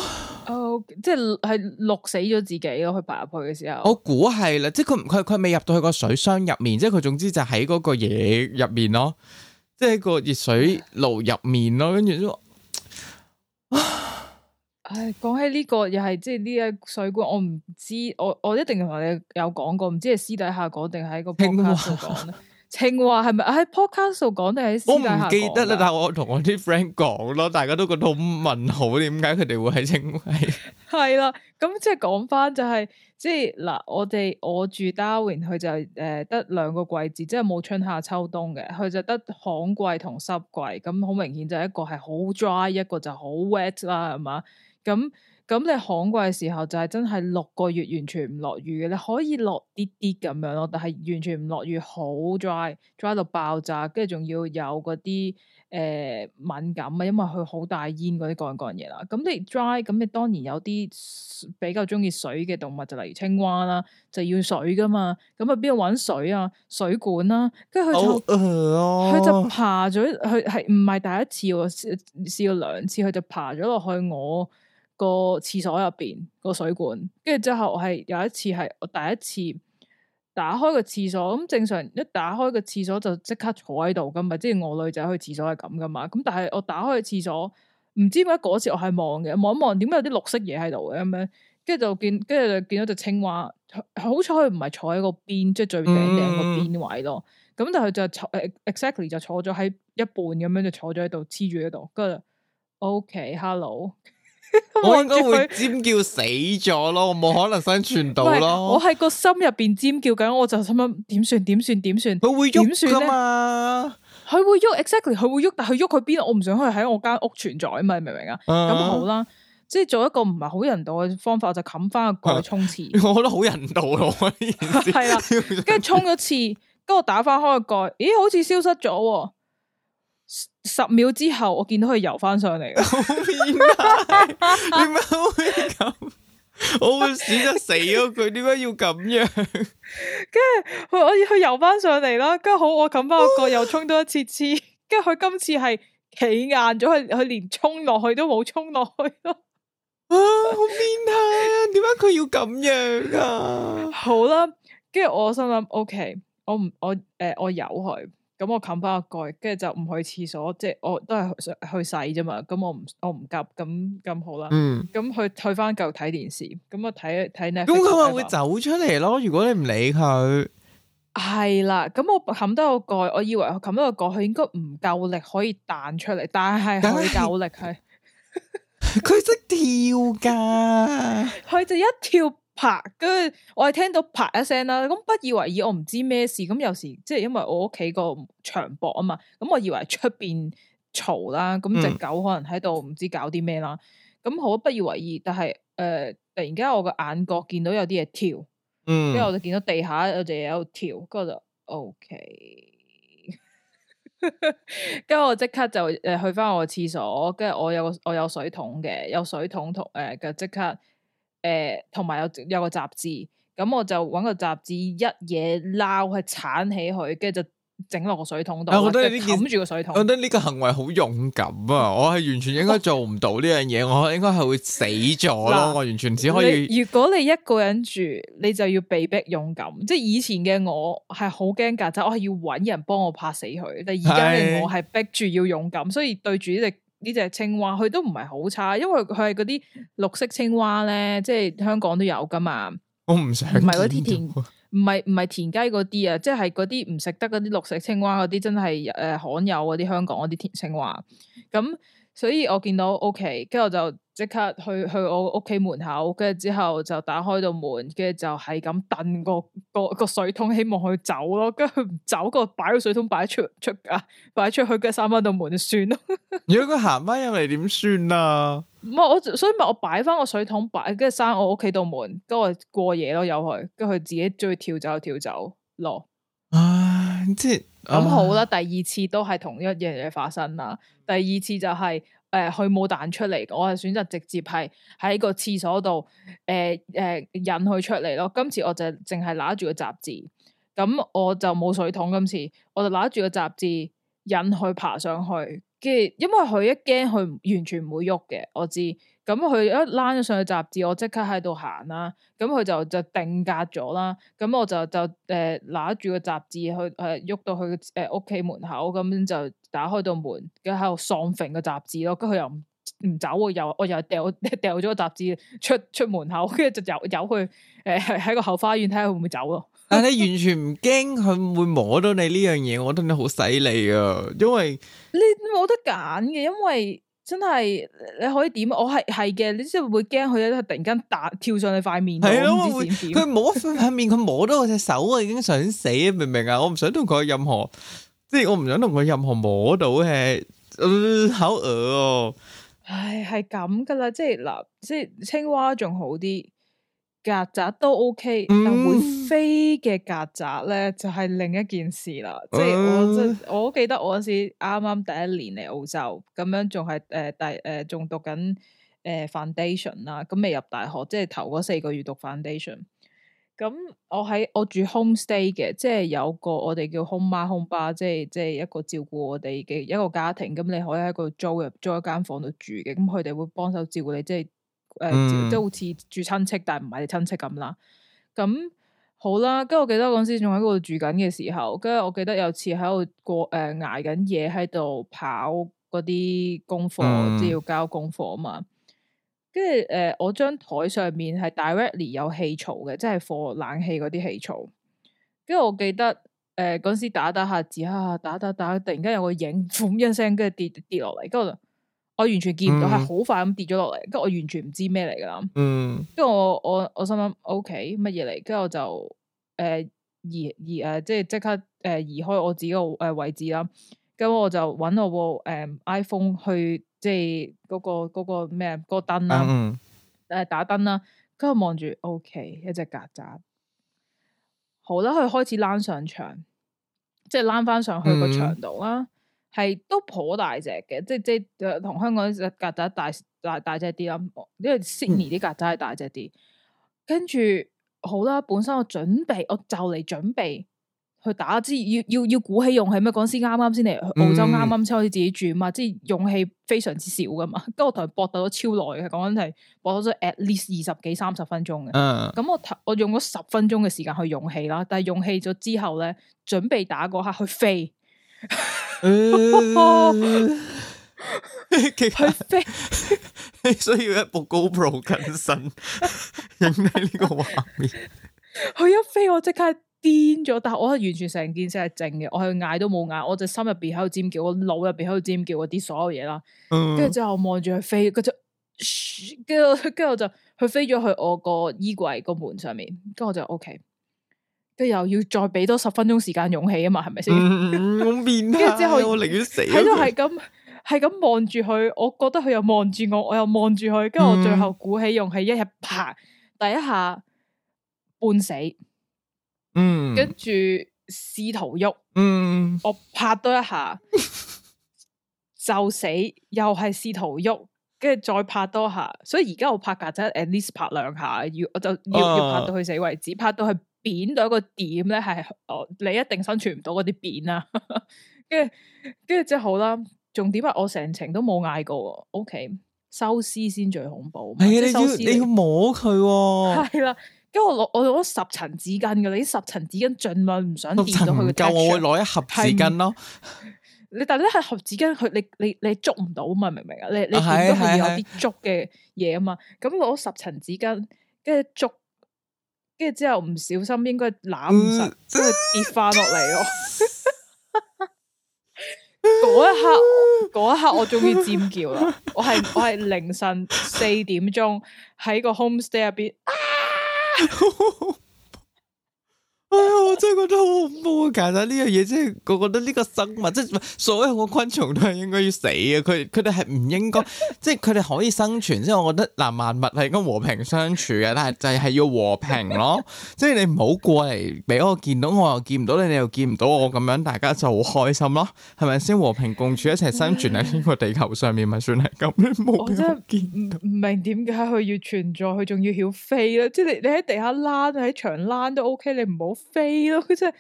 ，oh, 即係係熱死咗自己咯，爬去爬入去嘅時候。我估係啦，即係佢佢佢未入到去個水箱入面，即係佢總之就喺嗰個嘢入面咯，即係個熱水爐入面咯，跟住都。唉，唉，講起呢、呢個又係即係呢個水管，我唔知我我一定同你有講過，唔知係私底下講定喺個 podcast 度講清華係咪喺 podcast 度講定喺私底下講？我唔記得啦，但係我同我啲 friend 講咯，大家都覺得好問號，點解佢哋會喺清華？係、 (laughs) 就是、啦，咁即係講翻就係、呃，即係嗱，我哋我住 Darwin，佢就誒得兩個季節，即係冇春夏秋冬嘅，佢就得旱季同濕季，咁好明顯就一個係好 dry，一個就好 wet 啦，係嘛咁。咁你旱季嘅時候就係真係六個月完全唔落雨嘅，你可以落啲啲咁樣咯，但係完全唔落雨，好 dry，dry 到爆炸，跟住仲要有嗰啲誒敏感啊，因為佢好大煙嗰啲乾乾嘢啦。咁你 dry，咁你當然有啲比較中意水嘅動物就例如青蛙啦，就要水噶嘛。咁啊邊度搵水啊？水管啦、啊，跟住佢就佢、oh, uh oh. 就爬咗，佢係唔係第一次喎？試過兩次，佢就爬咗落去我個廁所入邊個水管，跟住之後我係有一次係我第一次打開個廁所，咁正常一打開個廁所就即刻坐喺度噶嘛。即係我女仔去廁所係咁噶嘛？咁但係我打開個廁所，唔知點解嗰時我係望嘅，望一望，點解有啲綠色嘢喺度嘅咁樣？跟住就見，跟住就見到隻青蛙，好彩佢唔係坐喺個邊，嗯、即係最頂頂個邊位咯。咁但係就坐 exactly 就坐咗喺一半咁樣，就坐咗喺度黐住喺度。跟住，OK，Hello。 (laughs) 著他 我應該會尖叫死咗咯，我冇可能生存到咯。我喺個心入邊尖叫緊，我就想諗點算點算點算，佢會喐噶嘛？佢會喐？Exactly，佢會喐，但係佢喐佢邊？我唔想去喺我間屋存在啊嘛，明唔明啊？咁好啦，即係做一個唔係好人道嘅方法，就冚翻個蓋去沖廁。我覺得好人道咯，係啦，跟住沖一次，跟住打翻開個蓋，咦，好似消失咗。十秒之後，我見到佢游翻上嚟，好變態，點解會咁？我會死得死咗佢點解要咁樣？跟住佢，我要佢游翻上嚟啦。跟住好，我撳翻個角，哦、又沖多一次次。跟住佢今次係企硬咗，佢佢連沖落去都冇沖落去咯。啊，好變態啊！點解佢要咁樣啊？ (laughs) 好啦，跟住我心諗，OK，我唔我誒，我有佢。呃咁我冚翻個蓋，跟住就唔去廁所，即係我都係去洗啫嘛。咁我唔我唔急，咁咁好啦。咁、嗯、去去翻嚿睇電視，咁我睇睇。咁佢、嗯、話會走出嚟咯，如果你唔理佢，係啦。咁我冚多個蓋，我以為冚多個蓋，佢應該唔夠力可以彈出嚟，但係佢夠力，佢佢識跳噶，佢 (laughs) 就一跳。拍，跟住我係聽到拍一聲啦，咁不以為意，我唔知咩事，咁有時即係因為我屋企個牆薄啊嘛，咁我以為出邊嘈啦，咁隻狗可能喺度唔知搞啲咩啦，咁好不以為意，但係誒、呃、突然間我個眼角見到有啲嘢跳，嗯，跟住我，我就見到地下有隻嘢喺度跳，跟住就 OK，跟住我即刻就誒去返我廁所，跟住我有我有水桶嘅，有水桶同誒嘅即刻。誒，同埋、呃、有有，有個雜誌，咁我就揾個雜誌一嘢撈，係鏟起佢，跟住就整落個水桶度。我覺得你、這、冚、個、住個水桶。我覺得呢個行為好勇敢啊！ (laughs) 我係完全應該做唔到呢樣嘢， (laughs) 我應該係會死咗咯。喇我完全只可以。如果你一個人住，你就要被逼勇敢。即係以前嘅我係好驚曱甴，就是、我係要揾人幫我拍死佢。但而家我係逼住要勇敢，是所以對住呢隻。呢隻青蛙佢都唔係好差，因為佢係嗰啲綠色青蛙咧，即係香港都有噶嘛。我唔食，唔係嗰啲田，唔係唔係田雞嗰啲啊，即係嗰啲唔食得嗰啲綠色青蛙嗰啲，真係誒、呃、罕有嗰啲香港嗰啲田青蛙。咁所以我見到 OK，跟住我就。即刻去去我屋企門口，跟住之後就打開度門，跟住就係咁掟個個個水桶，希望佢走咯。跟住唔走，個擺個水桶擺出出，出 (laughs) 啊，擺出去跟住閂翻度門就算咯。如果佢行翻入嚟點算啊？唔係我所以，咪我擺翻個水桶擺，跟住閂我屋企度門，跟住過夜咯。由去跟住佢自己中意跳走就跳走咯。唉、啊，即係咁好啦。第二次都係同一樣嘢發生啦。第二次就係、是。誒，佢冇彈出嚟，我係選擇直接係喺個廁所度，誒、呃、誒、呃、引佢出嚟咯。今次我就淨係拿住個雜誌，咁我就冇水桶，今次我就拿住個雜誌引佢爬上去，跟住因為佢一驚佢完全唔會喐嘅，我知。咁佢一拉咗上去雜誌，我即刻喺度行啦。咁佢就就定格咗啦。咁我就就誒、呃、拿住個雜誌去誒喐到去誒屋企門口，咁就打開到門，佢喺度喪揈個雜誌咯。跟佢又唔唔走，我又我又掉掉咗個雜誌出出，出門口，跟住就又走去誒喺、呃、個後花園睇下會唔會走咯。但係你完全唔驚佢會摸到你呢樣嘢，我覺得你好犀利啊！因為你冇得揀嘅，因為。真係你可以點？我係係嘅，你即係會驚佢咧，突然間打跳上你塊面，係咯的，佢摸塊面，佢摸到我隻手啊， (laughs) 已經想死啊！明唔明啊？我唔想同佢任何，即係我唔想同佢任何摸到嘅，嗯、呃，好惡哦、啊！唉，係咁噶啦，即係嗱，即係青蛙仲好啲。曱甴都 OK，但係會飛嘅曱甴咧就係、是、另一件事啦。即係我，我記得我嗰時啱啱第一年嚟澳洲，咁樣仲係誒第誒仲讀緊誒、呃、foundation 啦、啊，咁未入大學，即係頭嗰四個月讀 foundation、啊。咁我喺我住 home stay 嘅，即係有個我哋叫 home 媽 home 爸，即係即係一個照顧我哋嘅一個家庭。咁、嗯、你可以喺個租入租一間房度住嘅，咁佢哋會幫手照顧你，即係。誒，即係、呃嗯、好似住親戚，但係唔係你親戚咁啦。咁好啦，跟住我記得嗰時仲喺嗰度住緊嘅時候，跟住我記得有次喺度過誒挨緊嘢喺度跑嗰啲功課、嗯呃，即要交功課啊嘛。跟住誒，我張台上面係 directly 有氣槽嘅，即係放冷氣嗰啲氣槽。跟住我記得誒嗰、呃、時打打下字啊，打打打，突然間有個影 b 一聲，跟住跌跌落嚟，跟我完全見唔到，係好、嗯、快咁跌咗落嚟，跟住我完全唔知咩嚟噶啦。嗯，跟住我我我心諗，O K，乜嘢嚟？跟、OK，住我就誒、呃、移移誒、呃，即係即刻誒移開我自己個誒位置啦。咁我就搵我部誒、嗯、iPhone 去即係嗰、嗰個、嗰個咩？嗰個燈啦，誒、嗰個呃、打燈啦。跟住望住，O K，一隻曱甴。好啦，佢開始躝上牆，即係躝翻上去個牆度啦。嗯係都頗大隻嘅，即即同香港啲曱甴大大大隻啲啦，因為 Sydney 啲曱甴係大隻啲。嗯、跟住好啦，本身我準備，我就嚟準備去打支，要要要鼓起勇氣咩？嗰時啱啱先嚟澳洲，啱啱先開始自己住、嗯、嘛，即勇氣非常之少噶嘛。跟住、啊、我同佢搏鬥咗超耐嘅，講緊係搏咗咗 at least 二十幾三十分鐘嘅。咁我我用咗十分鐘嘅時間去勇氣啦，但係勇氣咗之後咧，準備打嗰刻去飛。佢去飛，你 (laughs) 需要一部 GoPro 近身，影緊呢個畫面？佢 (laughs) 一飛，我即刻癲咗，但係我係完全成件事係靜嘅，我係嗌都冇嗌，我就心入邊喺度尖叫，我腦入邊喺度尖叫，我啲所有嘢啦。跟住之後我望住佢飛，跟住跟住跟住就佢飛咗去我個衣櫃個門上面，跟住我就 O K。Okay. 佢又要再俾多十分鐘時間勇氣啊嘛，係咪先？跟住，嗯嗯、 (laughs) 之後我寧願死，佢都係咁係咁望住佢，我覺得佢又望住我，我又望住佢，跟住我最後鼓起勇氣，一日拍第一下半死，嗯，跟住試圖喐，嗯，我拍多一下 (laughs) 就死，又係試圖喐，跟住再拍多下，所以而家我拍曱甴 at least 拍兩下，要我就要要、要、要拍到佢死為止，拍到佢。扁到一個點咧，係哦，你一定生存唔到嗰啲扁啦、啊。跟 (laughs) 住，跟住之後好啦。重點係我成程都冇嗌過。O、OK, K，收屍先最恐怖。係啊、哎呀，你要你要摸佢、哦。係啦，跟住我攞我攞十層紙巾噶，你啲十層紙巾盡量唔想見到佢嘅。夠我會攞一盒紙巾咯。你但係一盒紙巾，去，你你你，你捉唔到嘛？明唔明啊？你你都係有啲捉嘅嘢啊嘛？咁攞十層紙巾，跟住捉。跟住之後唔小心應該攬唔實，即係跌翻落嚟咯。嗰 (laughs) 一刻， (laughs) 一刻我終於尖叫啦！我係我係凌晨四點鐘喺個 homestay 入邊。啊 (laughs) 哎呀，我真係覺得好恐怖其實呢樣嘢即係，我覺得呢個生物即係、就是，所有個昆蟲都係應該要死嘅。佢佢哋係唔應該，即係佢哋可以生存。即係我覺得嗱，萬物係咁和平相處嘅，但係就係要和平咯。即、就、係、是、你唔好過嚟俾我見到我，我又見唔到你，你又見唔到我咁樣，大家就好開心咯。係咪先和平共處一齊生存喺呢個地球上面咪 (laughs) 算係咁？我,我真係唔明點解佢要存在，佢仲要曉飛咧。即、就、係、是、你 OK, 你喺地下躝，喺長躝都 OK。你唔好。飛咯，佢真係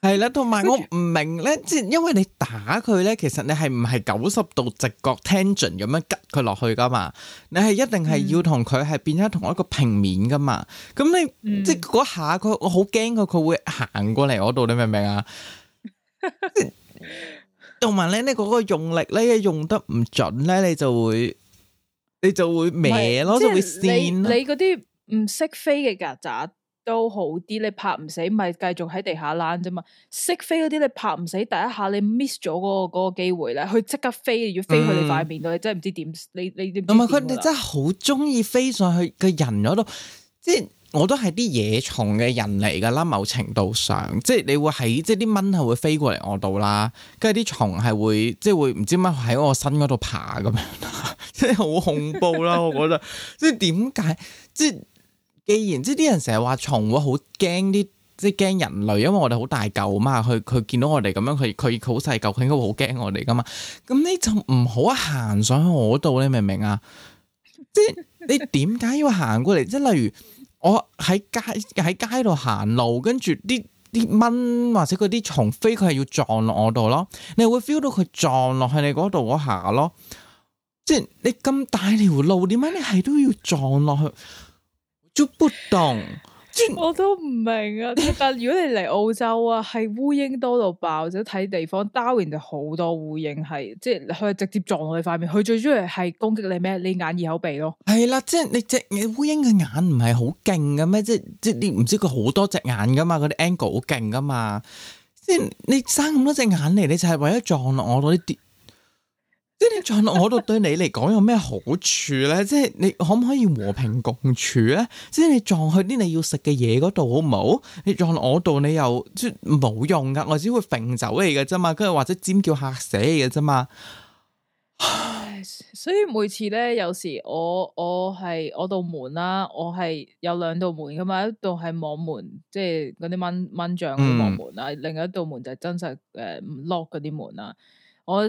係啦，同埋我唔明咧，即係 (laughs) 因為你打佢咧，其實你係唔係九十度直角 tangent 咁樣吉佢落去噶嘛？你係一定係要同佢係變咗同一個平面噶嘛？咁你、嗯、即係嗰下佢，我好驚佢，佢會行過嚟我度，你明唔明啊？同埋咧，你嗰個用力咧，用得唔準咧，你就會你就會歪咯，是就會跣咯。你你嗰啲唔識飛嘅曱甴。都好啲，你拍唔死咪繼續喺地下躝啫嘛。識飛嗰啲你拍唔死，第一下你 miss 咗嗰個嗰、嗰個機會咧，佢即刻飛要飛去你塊面度，嗯、你真係唔知點、嗯、你你。唔係佢哋真係好中意飛上去嘅人嗰度，嗯、即係我都係啲野蟲嘅人嚟噶啦。某程度上，即係你會喺即係啲蚊係會飛過嚟我度啦，跟住啲蟲係會即係會唔知乜喺我身嗰度爬咁樣， (laughs) 即係好恐怖啦、啊。 (laughs) 我覺得即係點解即係。即既然即啲人成日話蟲會好驚啲即係驚人類，因為我哋好大舊嘛，佢佢見到我哋咁樣，佢佢好細舊，佢應該會好驚我哋噶嘛。咁你就唔好行上去我度，你明唔明啊？即係你點解要行過嚟？即係例如我喺街喺街度行路，跟住啲啲蚊或者嗰啲蟲飛，佢係要撞落我度咯。你會 feel 到佢撞落去你嗰度嗰下咯。即係你咁大條路，點解你係都要撞落去？捉不動，我都唔明啊。但如果你嚟澳洲啊，係烏蠅多到爆，或者睇地方 (laughs) Darwin 就好多烏蠅，係即係佢直接撞我哋塊面，佢最中意係攻擊你咩？你眼、耳、口、鼻咯。係啦，即係你隻烏蠅嘅眼唔係好勁嘅咩？即係即係你唔知佢好多隻眼噶嘛？嗰啲 angle 好勁噶嘛？即係你，你生咁多隻眼嚟，你就係為咗撞落我啲。 (laughs) 即係你撞落我度，對你嚟講有咩好處咧？即係你可唔可以和平共處咧？即係你撞去啲你要食嘅嘢嗰度好唔好？你撞落我度，你又即係冇用㗎，我只會揈走你嘅啫嘛，跟住或者尖叫嚇死你嘅啫嘛。唉 (laughs) 所以每次咧，有時我我係我，門我道門啦，我係有兩道門㗎嘛，一度係網門，即係嗰啲蚊蚊帳嘅網門啦，嗯、另一道門就係真實誒 lock 嗰啲門啦，我。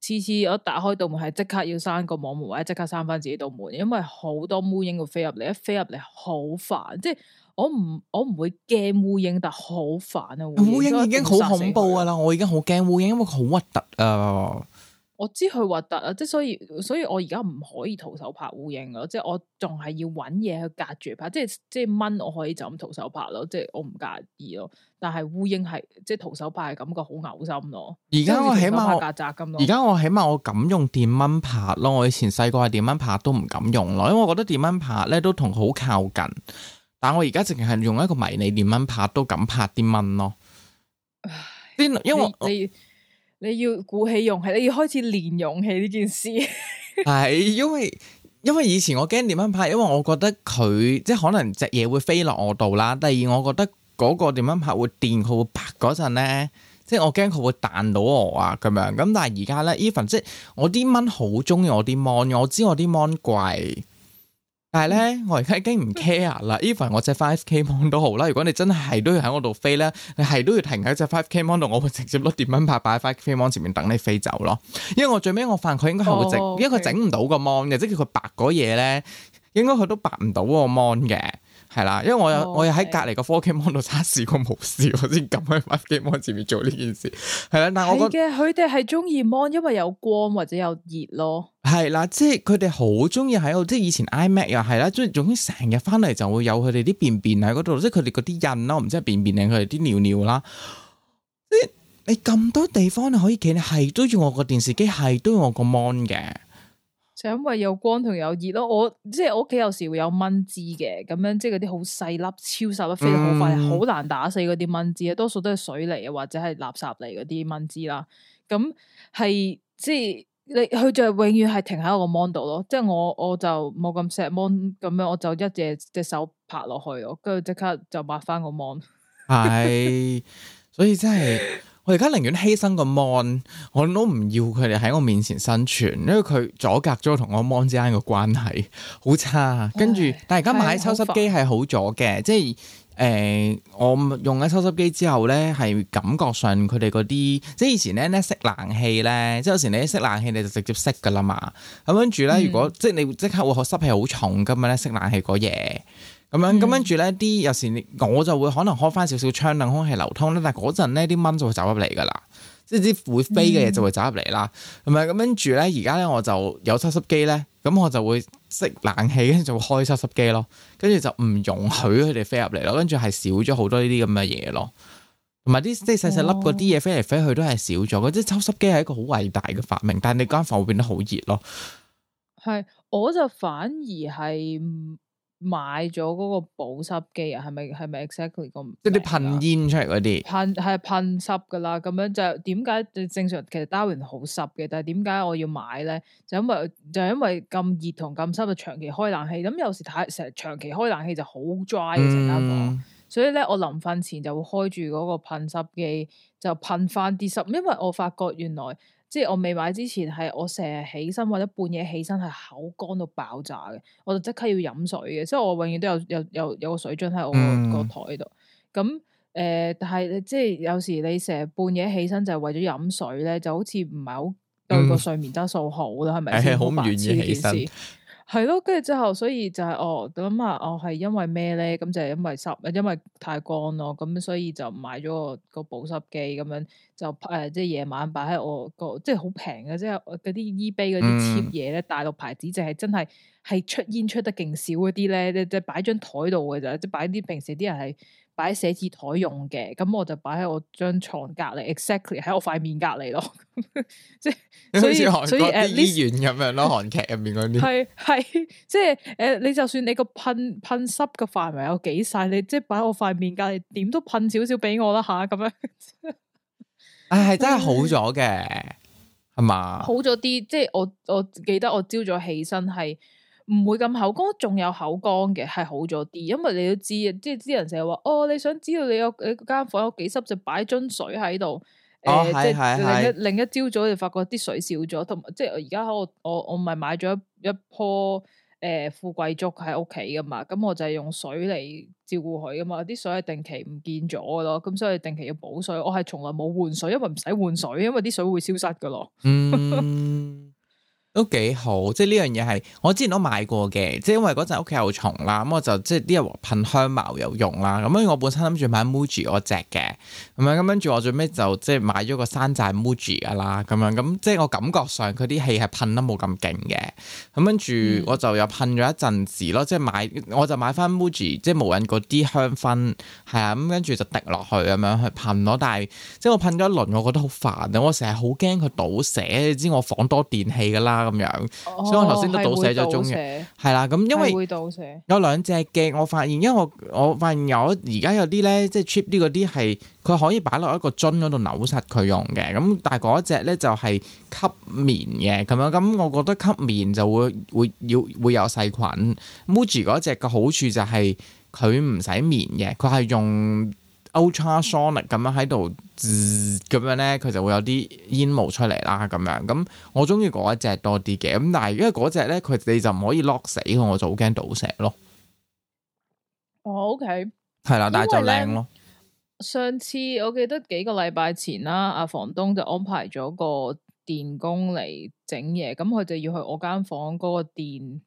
次次我打開道門係即刻要閂個網門或者即刻閂翻自己道門，因為好多烏蠅會飛入嚟，一飛入嚟好煩。即係我唔我唔會驚烏蠅，但好煩啊，烏蠅已經好恐怖噶啦，烏蠅我已經好驚烏蠅，因為佢好核突啊。我知佢核突啊，即係所以，所以我而家唔可以徒手拍烏蠅咯，即係我仲係要揾嘢去隔住拍，即係即係蚊我可以就咁徒手拍咯，即係我唔介意咯。但係烏蠅係即係徒手拍，係感覺好嘔心咯。而家我起碼曱甴咁咯，而家我起碼我敢用電蚊拍咯，我以前細個係電蚊拍都唔敢用咯，因為我覺得電蚊拍咧都同佢好靠近。但係我而家淨係用一個迷你電蚊拍都敢拍啲蚊咯。因唉因為你。我你你要鼓起勇氣，你要開始練勇氣呢件事。係 (laughs) 因為因為以前我驚電蚊拍，因為我覺得佢即係可能隻嘢會飛落我度啦。第二，我覺得嗰個電蚊拍會電佢會拍嗰陣咧，即係我驚佢會彈到我啊咁樣。咁但係而家咧，even 即係我啲蚊好中意我啲 mon，我知我啲 mon 貴。但係咧，嗯、我而家已經唔 care 啦。Even 我隻 five k mon 都好啦。如果你真係都要喺我度飛咧，你係都要停喺隻 five k mon 度，我會直接攞電蚊拍擺喺 five k mon 前面等你飛走咯。因為我最尾我發現佢應該係會整，哦 okay、因為佢整唔到個 mon，嘅，即係佢白嗰嘢咧，應該佢都白唔到個 mon 嘅。係啦，因為我有，oh, 我又喺隔籬個 4K mon 測試過冇事，我先咁喺 4K mon 前面做呢件事。係啦，但係我覺得佢哋係中意 mon，因為有光或者有熱咯。係啦，即係佢哋好中意喺度，即係以前 iMac 又係啦，即係總之成日翻嚟就會有佢哋啲便便喺嗰度，即係佢哋嗰啲印咯，唔知係便便定佢哋啲尿尿啦。你你，咁多地方你可以企，你係都要我個電視機，係都要我個 mon 嘅。就因為有光同有熱咯，我即係我屋企有時會有蚊滋嘅，咁樣即係嗰啲好細粒、超細粒飛得好快，好難打死嗰啲蚊滋啊！多數都係水嚟啊，或者係垃圾嚟嗰啲蚊滋啦。咁係即係你佢就永遠係停喺我個 mon 度咯。即係我我就冇咁錫 mon 咁樣，我就一隻隻手拍落去，跟住即刻就抹翻個 mon 係，是 (laughs) 所以真係。 (laughs) 我而家寧願犧牲個 Mon，我都唔要佢哋喺我面前生存，因為佢阻隔咗同我 Mon 之間嘅關係好差。Oh、yes, 跟住，但係而家買抽濕機係好咗嘅，oh、yes, 即係誒、呃，我用咗抽濕機之後咧，係感覺上佢哋嗰啲，即係以前咧咧熄冷氣咧，即係有時你一熄冷氣你就直接熄噶啦嘛。咁跟住咧，mm. 如果即係你即刻會學，濕氣好重噶嘛咧，熄冷氣嗰嘢。咁樣咁跟住咧，啲、嗯、有時我就會可能開翻少少窗，等空氣流通咧。但係嗰陣咧，啲蚊就會走入嚟噶啦，即係啲會飛嘅嘢就會走入嚟啦。同埋咁跟住咧，而家咧我就有抽濕機咧，咁我就會熄冷氣，跟住就會開抽濕機咯。跟住就唔容許佢哋飛入嚟咯。跟住係少咗好多呢啲咁嘅嘢咯。同埋啲即係細細粒嗰啲嘢飛嚟飛去都係少咗。嗰啲抽濕機係一個好偉大嘅發明，但係你間房會變得好熱咯。係，我就反而係。買咗嗰個保濕機啊，係咪係咪 exactly 咁？即係啲噴煙出嚟嗰啲，噴係噴濕噶啦。咁樣就點解正常其實 Darwin 好濕嘅，但係點解我要買咧？就因為就因為咁熱同咁濕，長期開冷氣，咁、嗯、有時太成日長期開冷氣就好 dry 嘅，成間房。所以咧，我臨瞓前就會開住嗰個噴濕機，就噴翻啲濕。因為我發覺原來。即係我未買之前係我成日起身或者半夜起身係口乾到爆炸嘅，我就即刻要飲水嘅，所以我永遠都有有有有個水樽喺我個台度。咁誒、嗯呃，但係即係有時你成日半夜起身就係為咗飲水咧，就好似唔係好對個睡眠質素好啦，係咪先？好唔願意起身。係咯，跟住 (music) 之後，所以就係、是、哦，諗下哦，係因為咩咧？咁就係因為濕，因為太乾咯。咁所以就買咗個個保濕機，咁樣就誒、呃，即係夜晚擺喺我個，即係好平嘅，即係嗰啲 eBay 嗰啲 cheap 嘢咧，大陸牌子就係真係係出煙出得勁少嗰啲咧，即即擺張台度嘅咋，即擺啲平時啲人係。擺喺寫字台用嘅，咁我就擺喺我張床隔籬，exactly 喺我塊、 (laughs) uh, 面隔籬咯。即係好似韓國啲醫院咁樣咯，韓劇入面嗰啲。係係，即係誒，你就算你個噴噴濕嘅範圍有幾細，你即係擺我塊面隔籬，點都噴少少俾我啦吓，咁、啊、樣。唉、 (laughs) 哎，係真係好咗嘅，係嘛 (laughs) 吧？好咗啲，即係我我記得我朝早起身係。唔會咁口乾，仲有口乾嘅係好咗啲，因為你都知，即係啲人成日話，哦，你想知道你有你間房有幾濕，就擺樽水喺度。哦，係係係。呃、的另一的另一朝早就發覺啲水少咗，同埋即係我而家喺我我我唔係買咗一一棵誒、呃、富貴竹喺屋企噶嘛，咁我就係用水嚟照顧佢噶嘛，啲水係定期唔見咗咯，咁所以定期要補水，我係從來冇換水，因為唔使換水，因為啲水會消失噶咯。 (laughs) 都幾好，即係呢樣嘢係我之前都買過嘅，即係因為嗰陣屋企有蟲啦，咁我就即係啲人噴香茅有用啦，咁樣我本身諗住買 Muji 嗰隻嘅，咁樣咁跟住我最尾就即係買咗個山寨 Muji 噶啦，咁樣咁即係我感覺上佢啲氣係噴得冇咁勁嘅，咁跟住我就又噴咗一陣時咯，即係買我就買翻 Muji，即係無印嗰啲香薰。係啊，咁跟住就滴落去咁樣去噴咯，但係即係我噴咗一輪，我覺得好煩啊，我成日好驚佢倒瀉，你知我房多電器噶啦。咁樣，哦、所以我頭先都倒寫咗樽嘅，係啦，咁的因為有兩隻嘅，我發現，因為我我發現我而家有啲咧，即係 cheap 啲嗰啲係，佢可以擺落一個樽嗰度扭實佢用嘅，咁但係嗰一隻咧就係吸棉嘅，咁樣咁，我覺得吸棉就會會要會有細菌。Muji 嗰隻嘅好處就係佢唔使棉嘅，佢係用 Ultra Sonic 咁樣喺度，咁樣咧佢就會有啲煙霧出嚟啦，咁樣咁我中意嗰一隻多啲嘅，咁但係因為嗰隻咧佢哋就唔可以 lock 死，我就好驚倒石咯。哦、oh，OK，係啦，但係就靚咯。上次我記得幾個禮拜前啦，阿房東就安排咗個電工嚟整嘢，咁佢就要去我間房嗰個電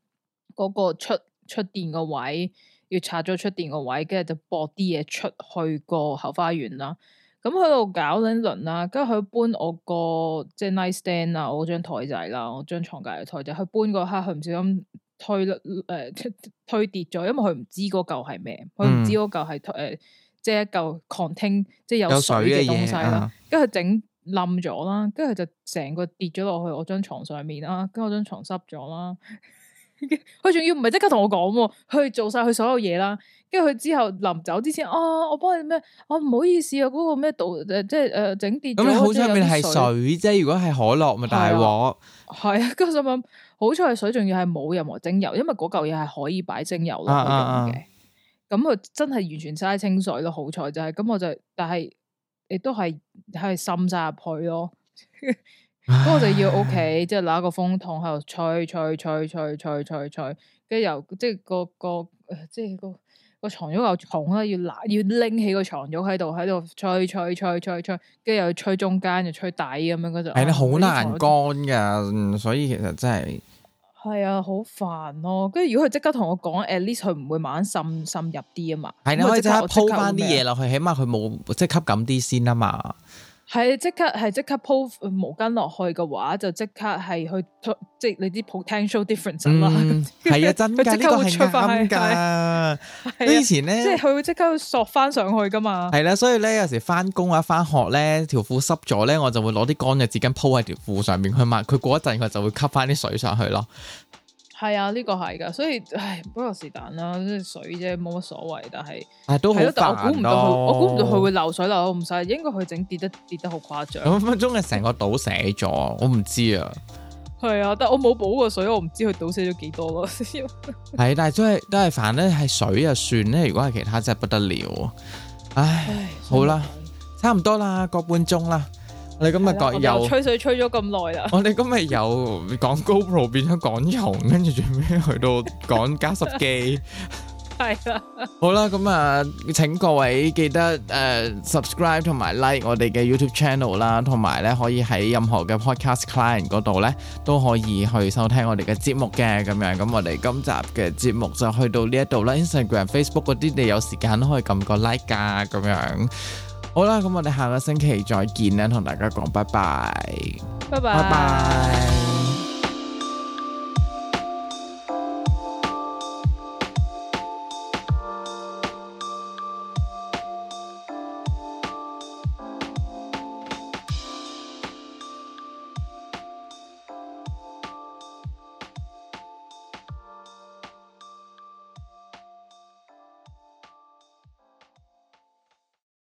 嗰、嗰個出出電個位。要拆咗出電個位，跟住就播啲嘢出去個後花園啦。咁喺度搞呢輪啦，跟住佢搬我個即係 nightstand 啊，我張台仔啦，我張床架嘅台仔。佢搬個刻，佢唔小心推咧、呃、推跌咗，因為佢唔知嗰嚿係咩，佢唔、嗯、知嗰嚿係即係一嚿 container 即係有水嘅東西啦。跟住佢整冧咗啦，跟住佢就成個跌咗落去我張床上面啦，跟住我張床，床濕咗啦。佢仲要唔係即刻同我講，佢做晒佢所有嘢啦。跟住佢之後臨走之前，啊，我幫你咩？我、啊、唔好意思啊，嗰、那個咩導誒，即係誒整跌咁。咁好彩，入面係水啫。如果係可樂咪大鑊。係啊，跟住我心諗，好彩係水，仲要係冇任何精油，因為嗰嚿嘢係可以擺精油咯用嘅。咁佢、啊啊啊、真係完全嘥清水咯。好彩就係、是、咁，我就但係亦都係係滲晒入去咯。 (laughs) 不過就要屋企，即係拿個風筒喺度吹吹吹吹吹吹吹，跟住又即係個個即係個個床褥又重啦，要拿要拎起個床褥喺度喺度吹吹吹吹吹，跟住又吹中間又吹底咁樣嗰陣。係咧，好難乾噶，所以其實真係係啊，好煩咯。跟住如果佢即刻同我講，at least 佢唔會慢慢滲滲入啲啊嘛。係咧，即刻鋪翻啲嘢落去，起碼佢冇即係吸緊啲先啊嘛。係即刻係即刻鋪毛巾落去嘅話，就即刻係去推即你啲 potential difference 啦。嗯。係啊樣，真即刻都係咁噶。是是以前咧，即係佢會即刻索翻上去噶嘛。係啦，所以咧，有時翻工啊翻學咧條褲濕咗咧，我就會攞啲乾嘅紙巾鋪喺條褲上面去抹。佢過一陣佢就會吸翻啲水上去咯。係啊，呢個係噶，所以唉，不過是但啦，即係水啫，冇乜所謂。但係係都好煩咯。我估唔到佢，我估唔到佢會流水流，唔晒。應該佢整跌得跌得好誇張。五分鐘係成個倒瀉咗，我唔知啊。係啊，但係我冇補過水，我唔知佢倒瀉咗幾多咯。係，但係都係都係煩咧，係水就算咧。如果係其他真係不得了。唉，好啦，差唔多啦，個半鐘啦。你今日又吹水吹咗咁耐啦？我哋今日又講 GoPro 變咗講蟲，跟住最尾去到講加濕機，係啦。好啦，咁啊，請各位記得誒 subscribe 同埋 like 我哋嘅 YouTube channel 啦，同埋咧可以喺任何嘅 Podcast client 嗰度咧都可以去收聽我哋嘅節目嘅咁樣。咁我哋今集嘅節目就去到呢一度啦。Instagram、Facebook 嗰啲你有時間都可以撳個 like 㗎，咁樣。好啦，咁我哋下個星期再見啦，同大家講拜拜，拜拜，拜拜。